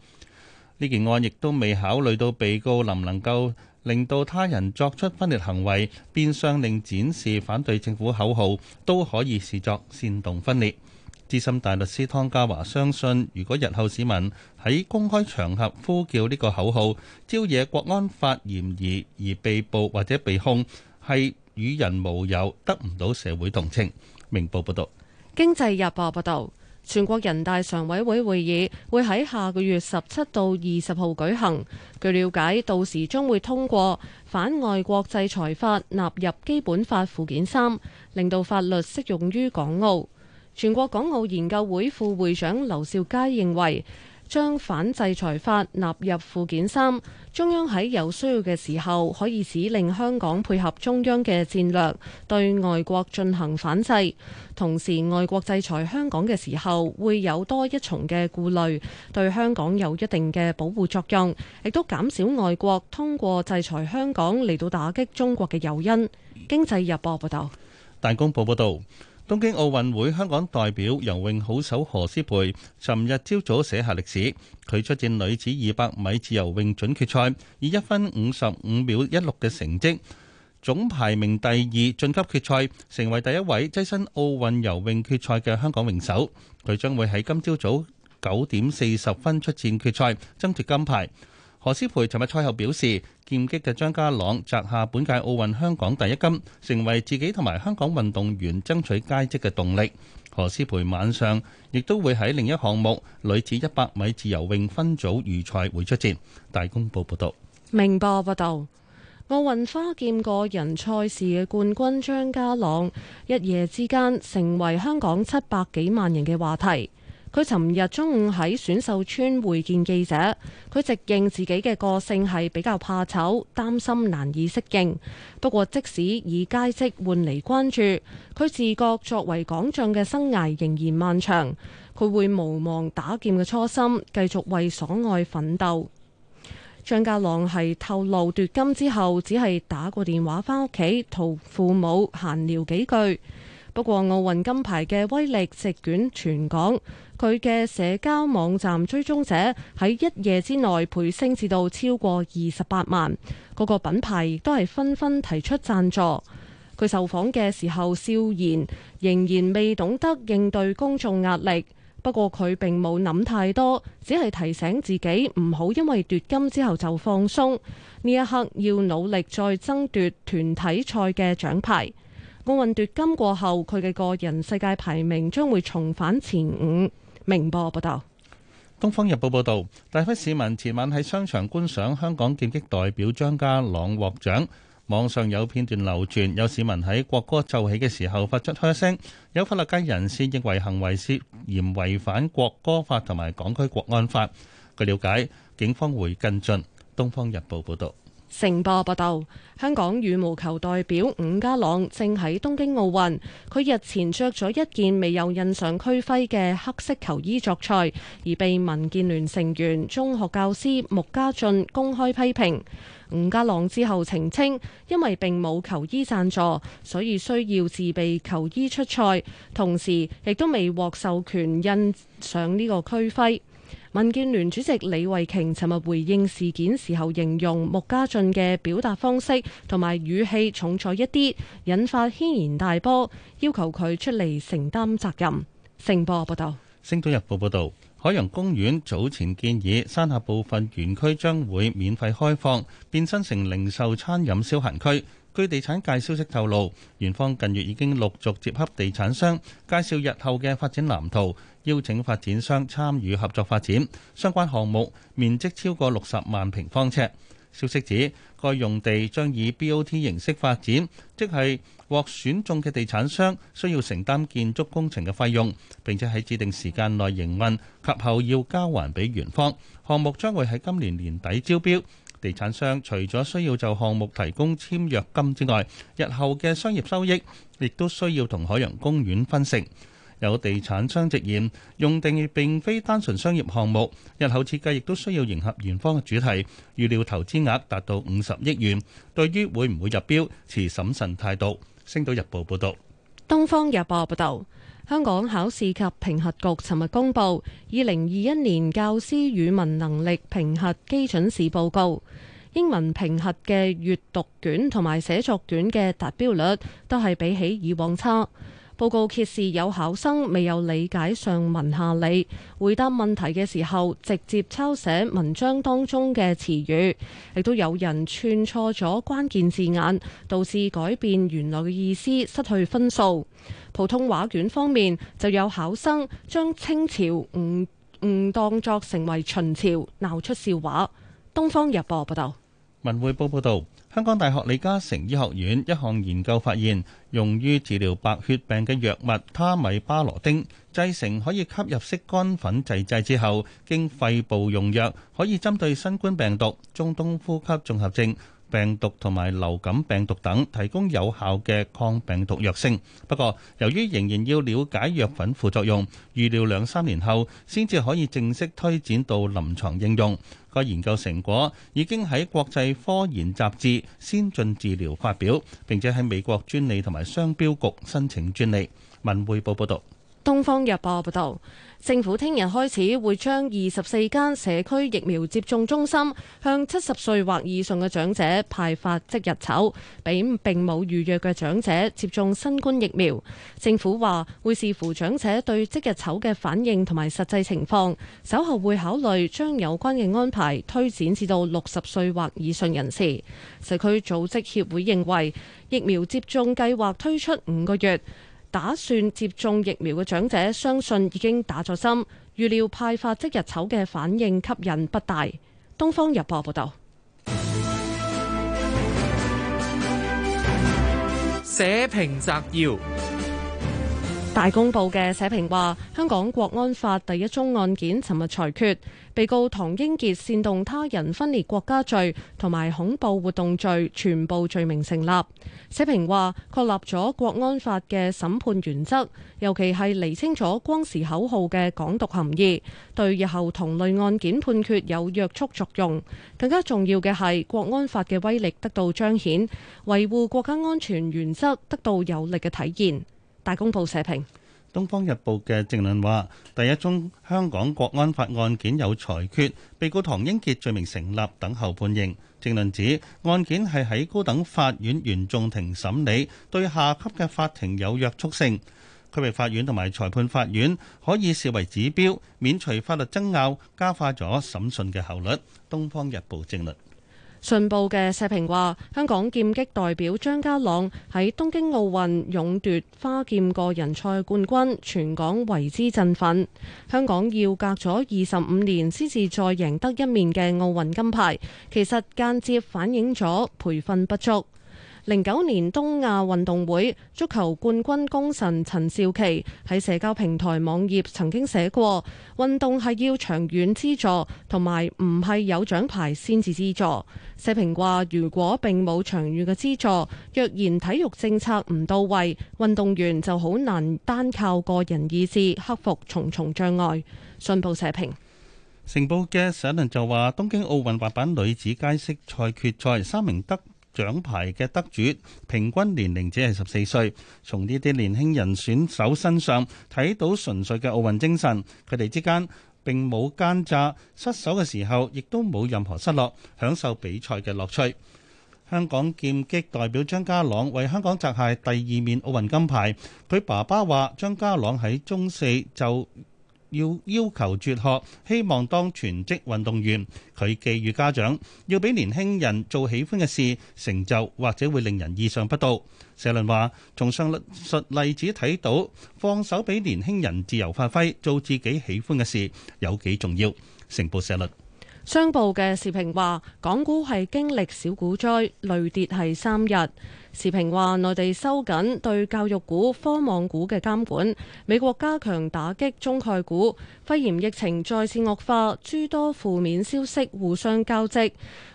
呢件案亦都未考慮到被告能唔能夠令到他人作出分裂行為，變相令展示反對政府口號，都可以視作煽動分裂。資深大律師湯家驊相信，如果日後市民喺公開場合呼叫呢個口號，招惹國安法嫌疑而被捕或者被控，係與人無尤，得唔到社會同情。明報報道，經濟日報報道。全國人大常委會會議會喺下個月十七到二十號舉行。據了解，到時將會通過反外國制裁法納入基本法附件三，令到法律適用於港澳。全國港澳研究會副會長劉兆佳認為。將反制裁法納入附件三，中央喺有需要嘅時候可以指令香港配合中央嘅戰略，對外國進行反制。同時，外國制裁香港嘅時候會有多一重嘅顧慮，對香港有一定嘅保護作用，亦都減少外國通過制裁香港嚟到打擊中國嘅誘因。經濟日報報道，大公報報道。東京奧運會香港代表游泳好手何詩蓓，尋日朝早寫下歷史，佢出戰女子200米自由泳準決賽，以一分五十五秒一六嘅成績，總排名第二晉級決賽，成為第一位躋身奧運游泳決賽嘅香港泳手。佢將會喺今朝早九點四十分出戰決賽，爭奪金牌。何詩蓓尋日賽後表示，劍擊嘅張家朗摘下本屆奧運香港第一金，成為自己同埋香港運動員爭取佳績嘅動力。何詩蓓晚上亦都會喺另一項目女子一百米自由泳分組預賽會出戰。大公報報道，明報報道，奧運花劍個人賽事嘅冠軍張家朗一夜之間成為香港七百幾萬人嘅話題。佢尋日中午喺選秀村會見記者，佢直認自己嘅個性係比較怕醜，擔心難以適應。不過，即使以佳績換嚟關注，佢自覺作為港將嘅生涯仍然漫長，佢會無忘打劍嘅初心，繼續為所愛奮鬥。張家朗係透露奪金之後，只係打過電話翻屋企同父母閒聊幾句。不過，奧運金牌嘅威力席捲全港。佢嘅社交網站追蹤者喺一夜之內倍升至到超過二十八萬。各個品牌亦都係紛紛提出贊助。佢受訪嘅時候笑言，仍然未懂得應對公眾壓力。不過佢並冇諗太多，只係提醒自己唔好因為奪金之後就放鬆。呢一刻要努力再爭奪團體賽嘅獎牌。奧運奪金過後，佢嘅個人世界排名將會重返前五。明報報道，《東方日報》報道，大批市民前晚喺商場觀賞香港劍擊代表張家朗獲獎，網上有片段流傳，有市民喺國歌奏起嘅時候發出噓聲，有法律界人士認為行為涉嫌違反國歌法同埋港區國安法。據了解，警方會跟進。《東方日報》報道。盛播》報道，香港羽毛球代表伍家朗正喺東京奧運，佢日前着咗一件未有印上區徽嘅黑色球衣作賽，而被民建聯成員中學教師穆家駿公開批評。伍家朗之後澄清，因為並冇球衣贊助，所以需要自備球衣出賽，同時亦都未獲授權印上呢個區徽。民建聯主席李慧瓊尋日回應事件時候，形容穆家駿嘅表達方式同埋語氣重咗一啲，引發軒然大波，要求佢出嚟承擔責任。成波報道，《星島日報》報道，海洋公園早前建議山下部分園區將會免費開放，變身成零售餐飲消閒區。據地產界消息透露，園方近月已經陸續接洽地產商，介紹日後嘅發展藍圖，邀請發展商參與合作發展相關項目，面積超過六十萬平方尺。消息指，該用地將以 BOT 形式發展，即係獲選中嘅地產商需要承擔建築工程嘅費用，並且喺指定時間內營運，及後要交還俾園方。項目將會喺今年年底招標。地產商除咗需要就項目提供簽約金之外，日後嘅商業收益亦都需要同海洋公園分成。有地產商直言，用地並非單純商業項目，日後設計亦都需要迎合園方嘅主題。預料投資額達到五十億元，對於會唔會入標，持審慎態度。星島日報報道。東方日報報道，香港考試及評核局尋日公布，二零二一年教師語文能力評核基準試報告，英文評核嘅閱讀卷同埋寫作卷嘅達標率都係比起以往差。報告揭示有考生未有理解上文下理，回答問題嘅時候直接抄寫文章當中嘅詞語，亦都有人串錯咗關鍵字眼，導致改變原來嘅意思，失去分數。普通話卷方面就有考生將清朝誤誤當作成為秦朝，鬧出笑話。《東方日報》報道，《文匯報》報道。香港大學李嘉誠醫學院一項研究發現，用於治療白血病嘅藥物他米巴羅丁製成可以吸入式乾粉製劑之後，經肺部用藥，可以針對新冠病毒、中東呼吸綜合症病毒同埋流感病毒等提供有效嘅抗病毒藥性。不過，由於仍然要了解藥品副作用，預料兩三年後先至可以正式推展到臨床應用。個研究成果已經喺國際科研雜誌先進治療發表，並且喺美國專利同埋商標局申請專利。文匯報報道。東方日報報道，政府聽日開始會將二十四間社區疫苗接種中心向七十歲或以上嘅長者派發即日籌，俾並冇預約嘅長者接種新冠疫苗。政府話會視乎長者對即日籌嘅反應同埋實際情況，稍後會考慮將有關嘅安排推展至到六十歲或以上人士。社區組織協會認為，疫苗接種計劃推出五個月。打算接種疫苗嘅長者相信已經打咗針，預料派發即日籌嘅反應吸引不大。東方日報報道。社評摘要。大公報嘅社評話：香港國安法第一宗案件尋日裁決，被告唐英傑煽動他人分裂國家罪同埋恐怖活動罪全部罪名成立。社評話確立咗國安法嘅審判原則，尤其係釐清咗光時口號嘅港獨含義，對日後同類案件判決有約束作用。更加重要嘅係，國安法嘅威力得到彰顯，維護國家安全原則得到有力嘅體現。大公報社評。《東方日報》嘅政論話：第一宗香港國安法案件有裁決，被告唐英傑罪名成立，等候判刑。政論指案件係喺高等法院原訟庭審理，對下級嘅法庭有約束性，區域法院同埋裁判法院可以視為指標，免除法律爭拗，加快咗審訊嘅效率。《東方日報》政論。《信報》嘅社評話：香港劍擊代表張家朗喺東京奧運勇奪，奪花劍個人賽冠軍，全港為之振奮。香港要隔咗二十五年先至再贏得一面嘅奧運金牌，其實間接反映咗培訓不足。零九年東亞運動會足球冠軍功臣陳肇麒喺社交平台網頁曾經寫過：運動係要長遠資助，同埋唔係有獎牌先至資助。社評話：如果並冇長遠嘅資助，若然體育政策唔到位，運動員就好難單靠個人意志克服重重障，障礙。信報社評，信報嘅社論就話：東京奧運滑板女子街式賽決賽，三名得。」獎牌嘅得主平均年齡只係十四歲，從呢啲年輕人選手身上睇到純粹嘅奧運精神。佢哋之間並冇奸詐，失手嘅時候亦都冇任何失落，享受比賽嘅樂趣。香港劍擊代表張家朗為香港摘下第二面奧運金牌，佢爸爸話張家朗喺中四就。要要求輟學，希望當全職運動員，佢寄語家長要俾年輕人做喜歡嘅事，成就或者會令人意想不到。社論話：從上述例子睇到，放手俾年輕人自由發揮，做自己喜歡嘅事，有幾重要。成報社論。商報嘅時評話，港股係經歷小股災，累跌係三日。時評話：內地收緊對教育股、科網股嘅監管，美國加強打擊中概股，肺炎疫情再次惡化，諸多負面消息互相交織，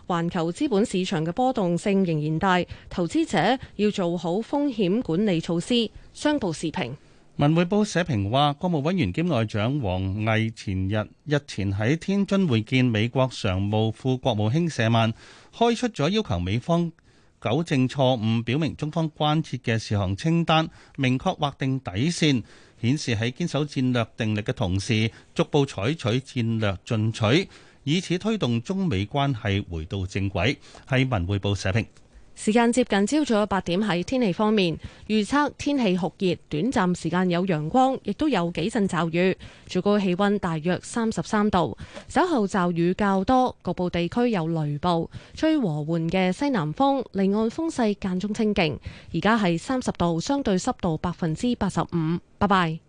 環球資本市場嘅波動性仍然大，投資者要做好風險管理措施。商報時評，文匯報社評話：國務委員兼外長王毅前日日前喺天津會見美國常務副國務卿舍曼，開出咗要求美方。糾正錯誤，表明中方關切嘅事項清單，明確劃定底線，顯示喺堅守戰略定力嘅同時，逐步採取戰略進取，以此推動中美關係回到正軌。係文匯報社評。時間接近朝早八點，喺天氣方面，預測天氣酷熱，短暫時間有陽光，亦都有幾陣驟雨。最高氣溫大約三十三度，稍後驟雨較多，局部地區有雷暴，吹和緩嘅西南風，離岸風勢間中清勁。而家係三十度，相對濕度百分之八十五。拜拜。